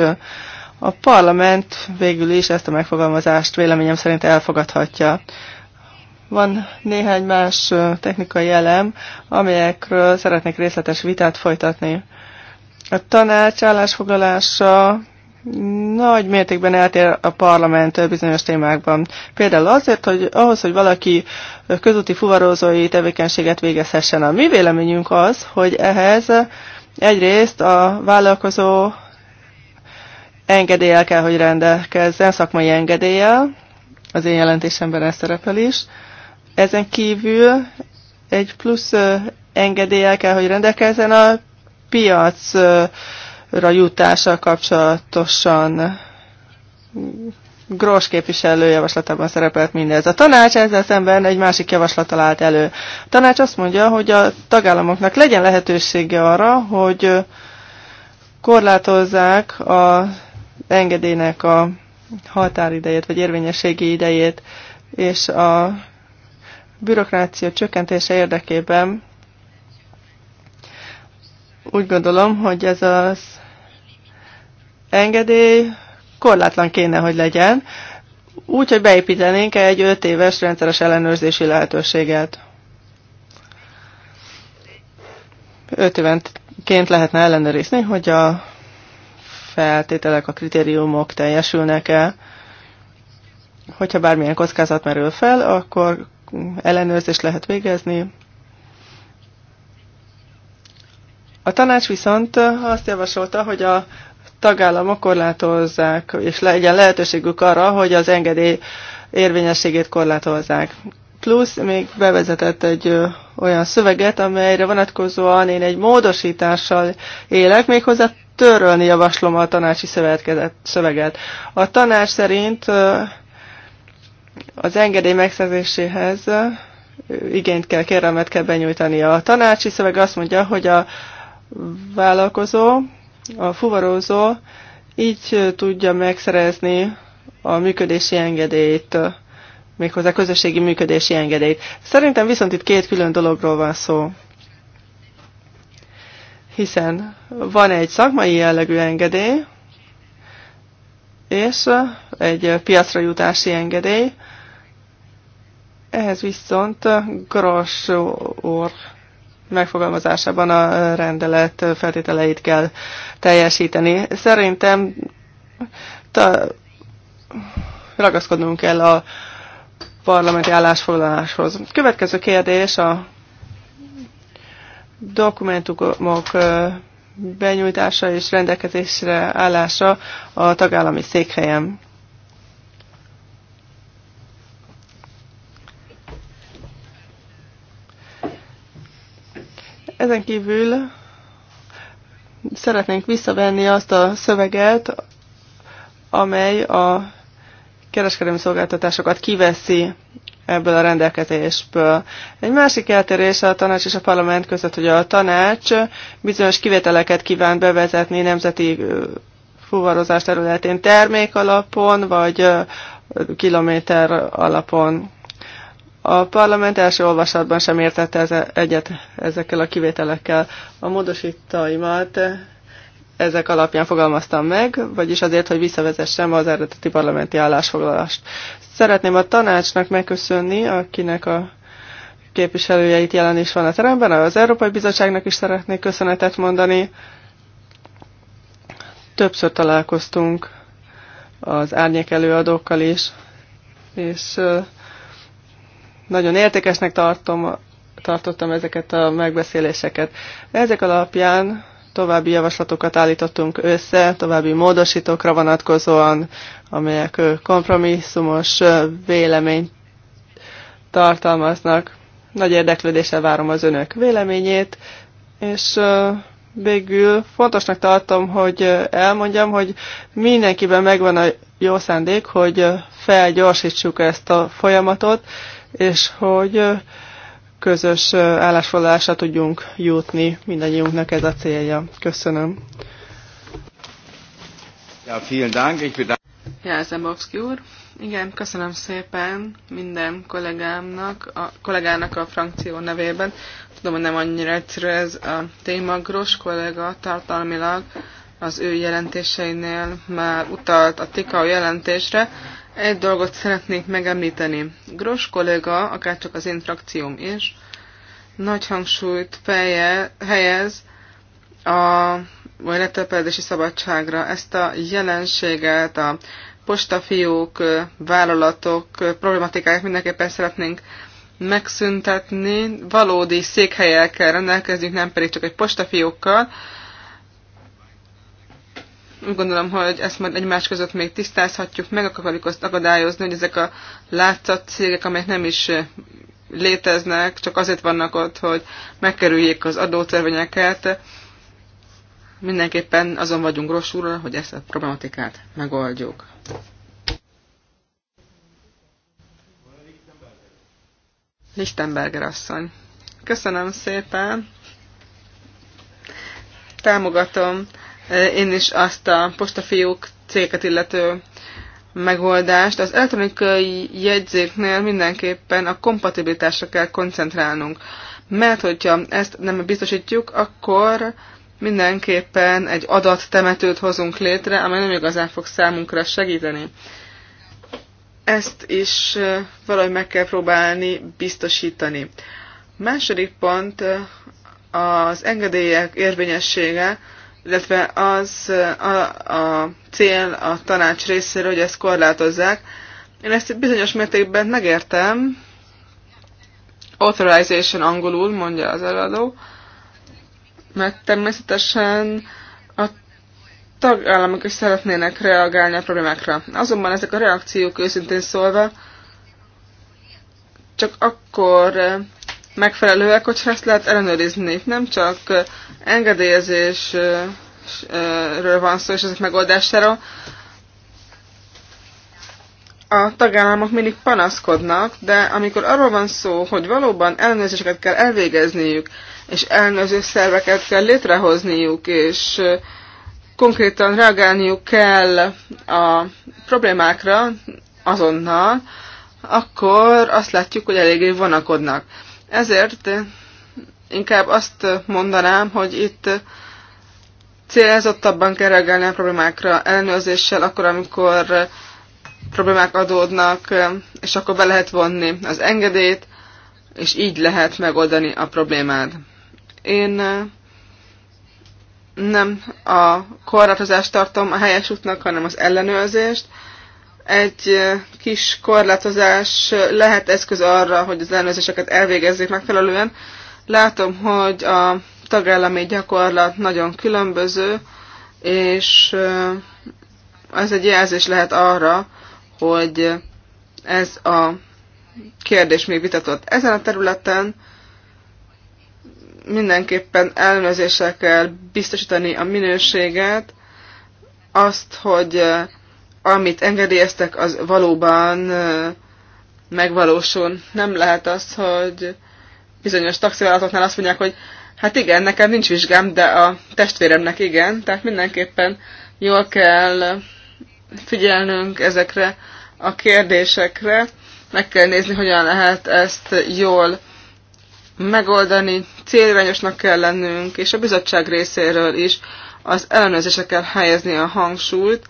A parlament végül is ezt a megfogalmazást véleményem szerint elfogadhatja. Van néhány más technikai elem, amelyekről szeretnék részletes vitát folytatni. A tanács állásfoglalása nagy mértékben eltér a parlament bizonyos témákban. Például azért, hogy ahhoz, hogy valaki közúti fuvarozói tevékenységet végezhessen. A mi véleményünk az, hogy ehhez egyrészt a vállalkozó engedéllyel kell, hogy rendelkezzen, szakmai engedéllyel, az én jelentésemben ez szerepel is. Ezen kívül egy plusz engedéllyel kell, hogy rendelkezzen a piac jutással kapcsolatosan Grós képviselő javaslatában szerepelt mindez. A tanács ezzel szemben egy másik javaslattal állt elő. A tanács azt mondja, hogy a tagállamoknak legyen lehetősége arra, hogy korlátozzák az engedélynek a határidejét, vagy érvényességi idejét, és a bürokrácia csökkentése érdekében úgy gondolom, hogy ez az engedély korlátlan kéne, hogy legyen, úgy, hogy beépítenénk egy 5 éves rendszeres ellenőrzési lehetőséget. 5 évenként lehetne ellenőrizni, hogy a feltételek, a kritériumok teljesülnek-e. Hogyha bármilyen kockázat merül fel, akkor ellenőrzést lehet végezni. A tanács viszont azt javasolta, hogy a tagállamok korlátozzák, és legyen lehetőségük arra, hogy az engedély érvényességét korlátozzák. Plusz még bevezetett egy olyan szöveget, amelyre vonatkozóan én egy módosítással élek, méghozzá törölni javaslom a tanácsi szöveget. A tanács szerint az engedély megszerzéséhez igényt kell, kérelmet kell benyújtani. A tanácsi szöveg azt mondja, hogy a vállalkozó a fuvarozó így tudja megszerezni a működési engedélyt, méghozzá közösségi működési engedélyt. Szerintem viszont itt két külön dologról van szó. Hiszen van egy szakmai jellegű engedély, és egy piacra jutási engedély. Ehhez viszont Gras megfogalmazásában a rendelet feltételeit kell teljesíteni. Szerintem ta, ragaszkodnunk kell a parlamenti állásfoglaláshoz. Következő kérdés a dokumentumok benyújtása és rendelkezésre állása a tagállami székhelyen. Ezen kívül szeretnénk visszavenni azt a szöveget, amely a kereskedelmi szolgáltatásokat kiveszi ebből a rendelkezésből. Egy másik eltérés a tanács és a parlament között, hogy a tanács bizonyos kivételeket kíván bevezetni nemzeti fuvarozás területén termék alapon, vagy kilométer alapon. A parlament első olvasatban sem értette eze, egyet ezekkel a kivételekkel. A módosítaimat ezek alapján fogalmaztam meg, vagyis azért, hogy visszavezessem az eredeti parlamenti állásfoglalást. Szeretném a tanácsnak megköszönni, akinek a képviselőjeit jelen is van a teremben, az Európai Bizottságnak is szeretnék köszönetet mondani. Többször találkoztunk az árnyék előadókkal is, és nagyon értékesnek tartom, tartottam ezeket a megbeszéléseket. Ezek alapján további javaslatokat állítottunk össze, további módosítókra vonatkozóan, amelyek kompromisszumos véleményt tartalmaznak. Nagy érdeklődéssel várom az önök véleményét, és végül fontosnak tartom, hogy elmondjam, hogy mindenkiben megvan a jó szándék, hogy felgyorsítsuk ezt a folyamatot, és hogy közös állásfoglalásra tudjunk jutni. Mindannyiunknak ez a célja. Köszönöm. Ja, vielen Dank. Ich bedanke. Ja, Zembowski úr. Igen, köszönöm szépen minden kollégámnak, a kollégának a frankció nevében. Tudom, hogy nem annyira egyszerű ez a téma. Gros kollega tartalmilag az ő jelentéseinél már utalt a TIKAO jelentésre, egy dolgot szeretnék megemlíteni. Gros kolléga, akárcsak az én frakcióm is, nagy hangsúlyt feje, helyez a vagy letelepedési szabadságra. Ezt a jelenséget, a postafiók, vállalatok problematikáját mindenképpen szeretnénk megszüntetni. Valódi székhelyekkel rendelkezünk, nem pedig csak egy postafiókkal, úgy gondolom, hogy ezt majd egymás között még tisztázhatjuk, meg akarjuk azt akadályozni, hogy ezek a látszat cégek, amelyek nem is eh, léteznek, csak azért vannak ott, hogy megkerüljék az adótörvényeket. Mindenképpen azon vagyunk rosszul, hogy ezt a problematikát megoldjuk. Lichtenberger asszony. Köszönöm szépen. Támogatom Eh, én is azt a postafiók céget illető megoldást. Az elektronikai jegyzéknél mindenképpen a kompatibilitásra kell koncentrálnunk, mert hogyha ezt nem biztosítjuk, akkor mindenképpen egy adattemetőt hozunk létre, amely nem igazán fog számunkra segíteni. Ezt is eh, valahogy meg kell próbálni biztosítani. Második pont eh, az engedélyek érvényessége, illetve az a, a cél a tanács részéről, hogy ezt korlátozzák. Én ezt bizonyos mértékben megértem. Authorization angolul, mondja az előadó. Mert természetesen a tagállamok is szeretnének reagálni a problémákra. Azonban ezek a reakciók őszintén szólva csak akkor megfelelőek, hogyha ezt lehet ellenőrizni. Nem csak engedélyezésről van szó, és ezek megoldására. A tagállamok mindig panaszkodnak, de amikor arról van szó, hogy valóban ellenőrzéseket kell elvégezniük, és ellenőrző szerveket kell létrehozniuk, és konkrétan reagálniuk kell a problémákra azonnal, akkor azt látjuk, hogy eléggé vonakodnak. Ezért inkább azt mondanám, hogy itt célzottabban kell reagálni a problémákra ellenőrzéssel, akkor, amikor problémák adódnak, és akkor be lehet vonni az engedélyt, és így lehet megoldani a problémád. Én nem a korlátozást tartom a helyes útnak, hanem az ellenőrzést, egy kis korlátozás lehet eszköz arra, hogy az ellenőrzéseket elvégezzék megfelelően. Látom, hogy a tagállami gyakorlat nagyon különböző, és ez egy jelzés lehet arra, hogy ez a kérdés még vitatott. Ezen a területen mindenképpen ellenőrzéssel kell biztosítani a minőséget, azt, hogy amit engedélyeztek, az valóban megvalósul. Nem lehet az, hogy bizonyos taxivállalatoknál azt mondják, hogy hát igen, nekem nincs vizsgám, de a testvéremnek igen, tehát mindenképpen jól kell figyelnünk ezekre a kérdésekre, meg kell nézni, hogyan lehet ezt jól megoldani, célirányosnak kell lennünk, és a bizottság részéről is az ellenőrzésekkel helyezni a hangsúlyt,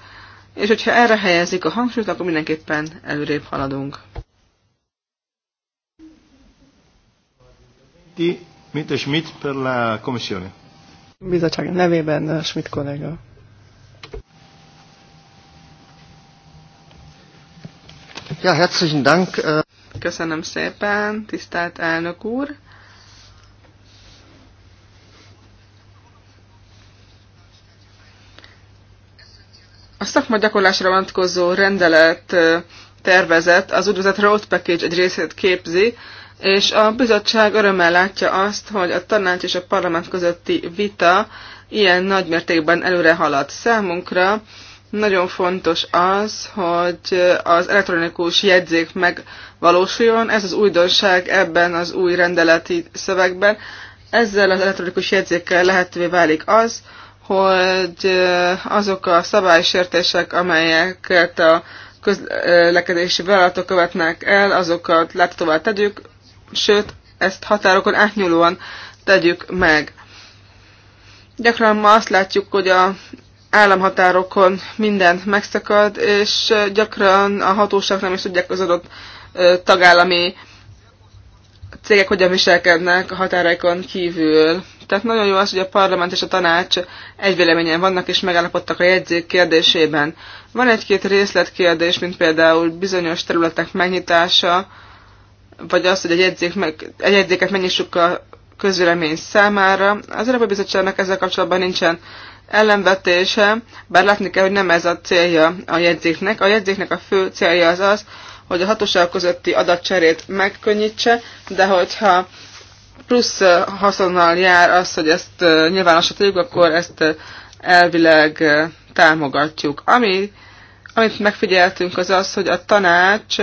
és hogyha erre helyezik a hangsúlyt, akkor mindenképpen előrébb haladunk. Ti, mint a Schmidt per la commissione? Bizottság nevében eh, Schmidt kollega. Ja, herzlichen Dank. Eh. Köszönöm szépen, tisztelt elnök úr. A szakma gyakorlásra vonatkozó rendelet tervezet az úgynevezett road package egy részét képzi, és a bizottság örömmel látja azt, hogy a tanács és a parlament közötti vita ilyen nagymértékben előre halad számunkra. Nagyon fontos az, hogy az elektronikus jegyzék megvalósuljon. Ez az újdonság ebben az új rendeleti szövegben. Ezzel az elektronikus jegyzékkel lehetővé válik az, hogy azok a szabálysértések, amelyeket a közlekedési vállalatok követnek el, azokat láthatóvá tegyük, sőt, ezt határokon átnyúlóan tegyük meg. Gyakran ma azt látjuk, hogy a államhatárokon minden megszakad, és gyakran a hatóság nem is tudják az adott tagállami cégek hogyan viselkednek a határaikon kívül. Tehát nagyon jó az, hogy a parlament és a tanács véleményen vannak és megállapodtak a jegyzék kérdésében. Van egy-két részletkérdés, mint például bizonyos területek megnyitása, vagy az, hogy egy, jegyzék meg, egy jegyzéket megnyissuk a közvélemény számára. Az Európai Bizottságnak ezzel kapcsolatban nincsen ellenvetése, bár látni kell, hogy nem ez a célja a jegyzéknek. A jegyzéknek a fő célja az az, hogy a hatóság közötti adatcserét megkönnyítse, de hogyha plusz haszonnal jár az, hogy ezt nyilvánosra tegyük, akkor ezt elvileg támogatjuk. Ami, amit megfigyeltünk az az, hogy a tanács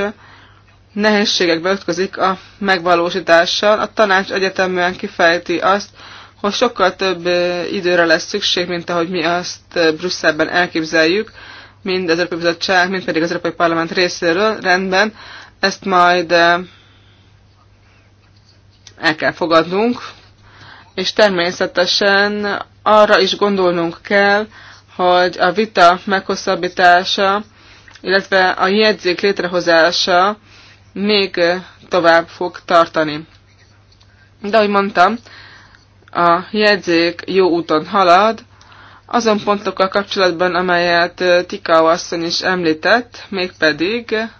nehézségekbe ütközik a megvalósítással. A tanács egyetemben kifejti azt, hogy sokkal több időre lesz szükség, mint ahogy mi azt Brüsszelben elképzeljük, mind az Európai Bizottság, mind pedig az Európai Parlament részéről. Rendben, ezt majd el kell fogadnunk, és természetesen arra is gondolnunk kell, hogy a vita meghosszabbítása, illetve a jegyzék létrehozása még tovább fog tartani. De ahogy mondtam, a jegyzék jó úton halad, azon pontokkal kapcsolatban, amelyet Tikao asszony is említett, mégpedig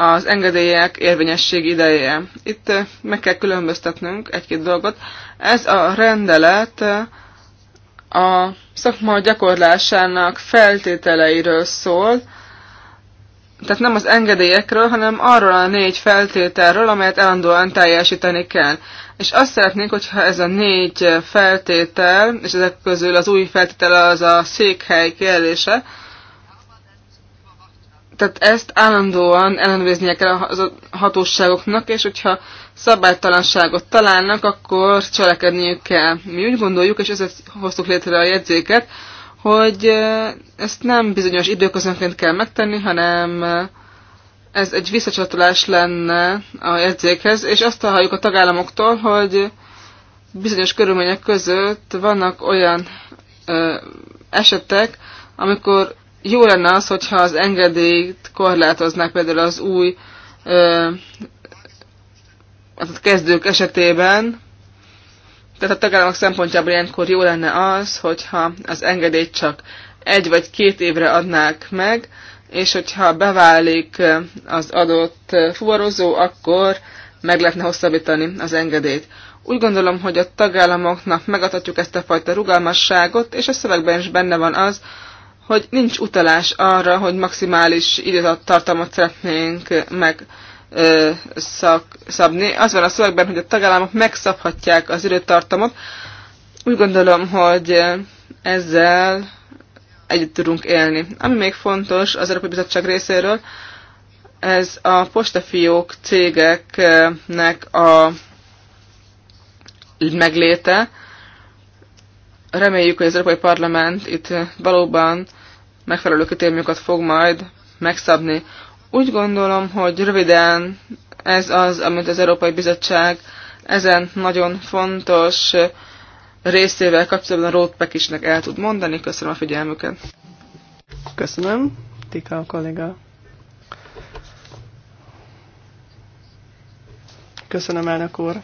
az engedélyek érvényesség ideje. Itt eh, meg kell különböztetnünk egy-két dolgot. Ez a rendelet eh, a szakma gyakorlásának feltételeiről szól, tehát nem az engedélyekről, hanem arról a négy feltételről, amelyet állandóan teljesíteni kell. És azt szeretnénk, hogyha ez a négy feltétel, és ezek közül az új feltétel az a székhely kérdése, tehát ezt állandóan ellenőriznie kell a hatóságoknak, és hogyha szabálytalanságot találnak, akkor cselekedniük kell. Mi úgy gondoljuk, és ezért hoztuk létre a jegyzéket, hogy ezt nem bizonyos időközönként kell megtenni, hanem ez egy visszacsatolás lenne a jegyzékhez, és azt halljuk a tagállamoktól, hogy bizonyos körülmények között vannak olyan ö, esetek, amikor jó lenne az, hogyha az engedélyt korlátoznák például az új ö, hát az kezdők esetében. Tehát a tagállamok szempontjából ilyenkor jó lenne az, hogyha az engedélyt csak egy vagy két évre adnák meg, és hogyha beválik az adott fuvarozó, akkor meg lehetne hosszabbítani az engedélyt. Úgy gondolom, hogy a tagállamoknak megadhatjuk ezt a fajta rugalmasságot, és a szövegben is benne van az, hogy nincs utalás arra, hogy maximális időtartalmat szeretnénk szabni. Az van a szövegben, hogy a tagállamok megszabhatják az időtartamot. Úgy gondolom, hogy ezzel együtt tudunk élni. Ami még fontos az Európai Bizottság részéről, ez a postafiók cégeknek a megléte. Reméljük, hogy az Európai Parlament itt valóban megfelelő kötélműköt fog majd megszabni. Úgy gondolom, hogy röviden ez az, amit az Európai Bizottság ezen nagyon fontos részével kapcsolatban a Roadpack isnek el tud mondani. Köszönöm a figyelmüket. Köszönöm, Tika a kolléga. Köszönöm, elnök úr.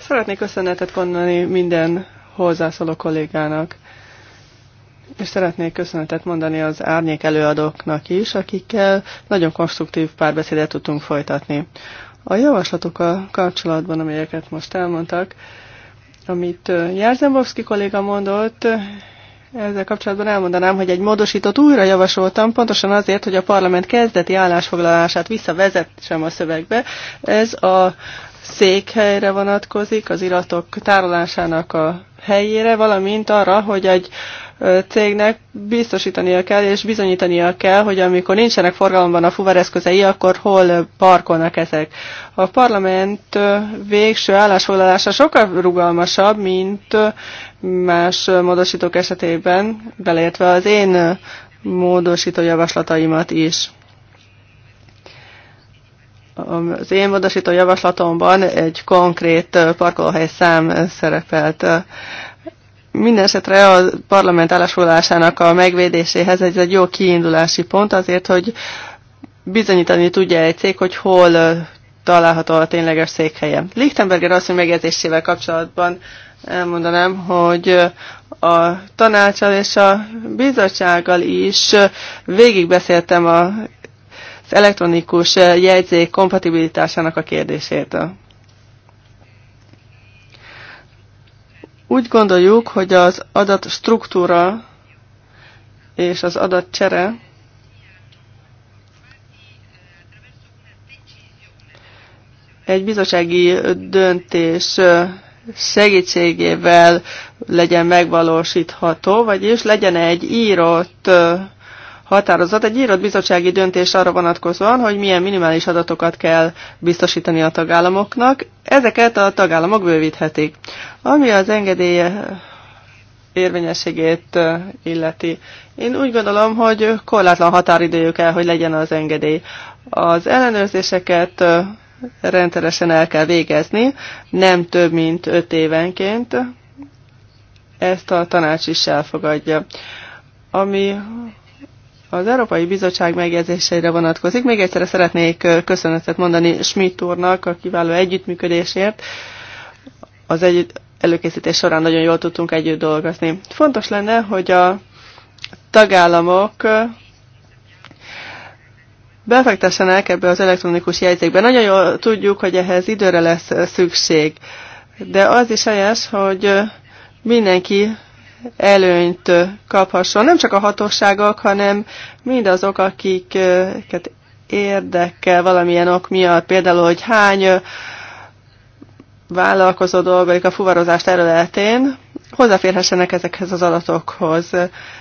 Szeretnék köszönetet mondani minden hozzászóló kollégának és szeretnék köszönetet mondani az árnyék előadóknak is, akikkel nagyon konstruktív párbeszédet tudtunk folytatni. A javaslatokkal kapcsolatban, amelyeket most elmondtak, amit Jarzembowski kolléga mondott, ezzel kapcsolatban elmondanám, hogy egy módosított újra javasoltam, pontosan azért, hogy a parlament kezdeti állásfoglalását visszavezetsem a szövegbe. Ez a székhelyre vonatkozik, az iratok tárolásának a helyére, valamint arra, hogy egy cégnek biztosítania kell, és bizonyítania kell, hogy amikor nincsenek forgalomban a fuvareszközei, akkor hol parkolnak ezek. A parlament végső állásfoglalása sokkal rugalmasabb, mint más módosítók esetében, beleértve az én módosító javaslataimat is az én módosító javaslatomban egy konkrét parkolóhely szám szerepelt minden esetre a parlament állásfoglalásának a megvédéséhez ez egy jó kiindulási pont azért, hogy bizonyítani tudja egy cég, hogy hol található a tényleges székhelye. Lichtenberger hogy megjegyzésével kapcsolatban elmondanám, hogy a tanácsal és a bizottsággal is végigbeszéltem a, az elektronikus jegyzék kompatibilitásának a kérdését. Úgy gondoljuk, hogy az adatstruktúra és az csere egy bizottsági döntés segítségével legyen megvalósítható, vagyis legyen egy írott határozat, egy írott bizottsági döntés arra vonatkozóan, hogy milyen minimális adatokat kell biztosítani a tagállamoknak. Ezeket a tagállamok bővíthetik. Ami az engedélye érvényességét illeti. Én úgy gondolom, hogy korlátlan határidőjük kell, hogy legyen az engedély. Az ellenőrzéseket rendszeresen el kell végezni, nem több, mint öt évenként. Ezt a tanács is elfogadja. Ami az Európai Bizottság megjegyzéseire vonatkozik. Még egyszer szeretnék köszönetet mondani Schmidt úrnak a kiváló együttműködésért. Az egy előkészítés során nagyon jól tudtunk együtt dolgozni. Fontos lenne, hogy a tagállamok befektessenek ebbe az elektronikus jegyzékbe. Nagyon jól tudjuk, hogy ehhez időre lesz szükség. De az is helyes, hogy mindenki előnyt kaphasson, nem csak a hatóságok, hanem mindazok, akiket érdekel valamilyen ok miatt, például, hogy hány vállalkozó dolgozik a fuvarozás területén, hozzáférhessenek ezekhez az adatokhoz.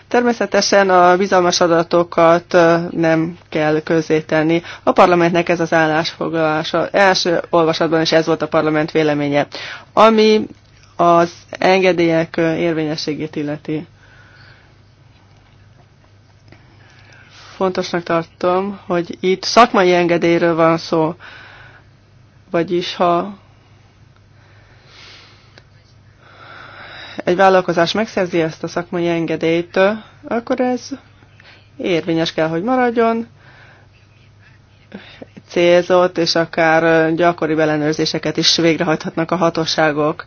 Természetesen a bizalmas adatokat nem kell közzétenni. A parlamentnek ez az állásfoglalása. Első olvasatban is ez volt a parlament véleménye. Ami az engedélyek érvényességét illeti. Fontosnak tartom, hogy itt szakmai engedélyről van szó, vagyis ha egy vállalkozás megszerzi ezt a szakmai engedélyt, akkor ez érvényes kell, hogy maradjon, célzott, és akár gyakori ellenőrzéseket is végrehajthatnak a hatóságok.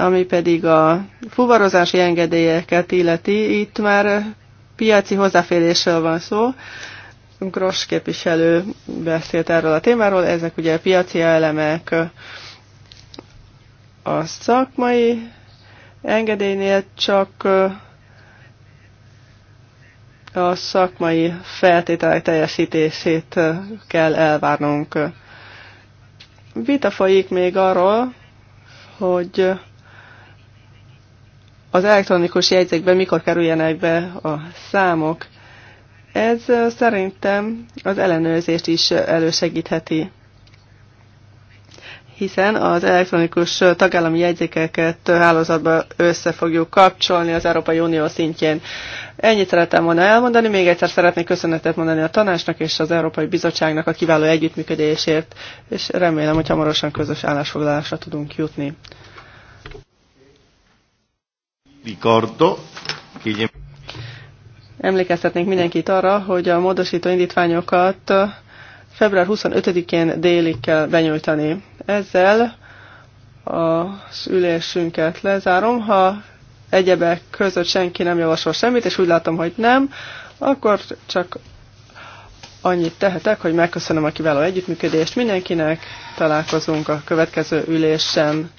Ami pedig a fuvarozási engedélyeket illeti, itt már piaci hozzáférésről van szó. Gross képviselő beszélt erről a témáról, ezek ugye piaci elemek a szakmai engedélynél csak a szakmai feltételek teljesítését kell elvárnunk. Vita folyik még arról, hogy az elektronikus jegyzékben mikor kerüljenek be a számok. Ez szerintem az ellenőrzést is elősegítheti hiszen az elektronikus tagállami jegyzékeket hálózatba össze fogjuk kapcsolni az Európai Unió szintjén. Ennyit szerettem volna elmondani, még egyszer szeretnék köszönetet mondani a tanácsnak és az Európai Bizottságnak a kiváló együttműködésért, és remélem, hogy hamarosan közös állásfoglalásra tudunk jutni. Ricordo che gli... Emlékeztetnénk mindenkit arra, hogy a módosító indítványokat február 25-én délig kell benyújtani. Ezzel az ülésünket lezárom. Ha egyebek között senki nem javasol semmit, és úgy látom, hogy nem, akkor csak annyit tehetek, hogy megköszönöm a kiváló együttműködést mindenkinek, találkozunk a következő ülésen.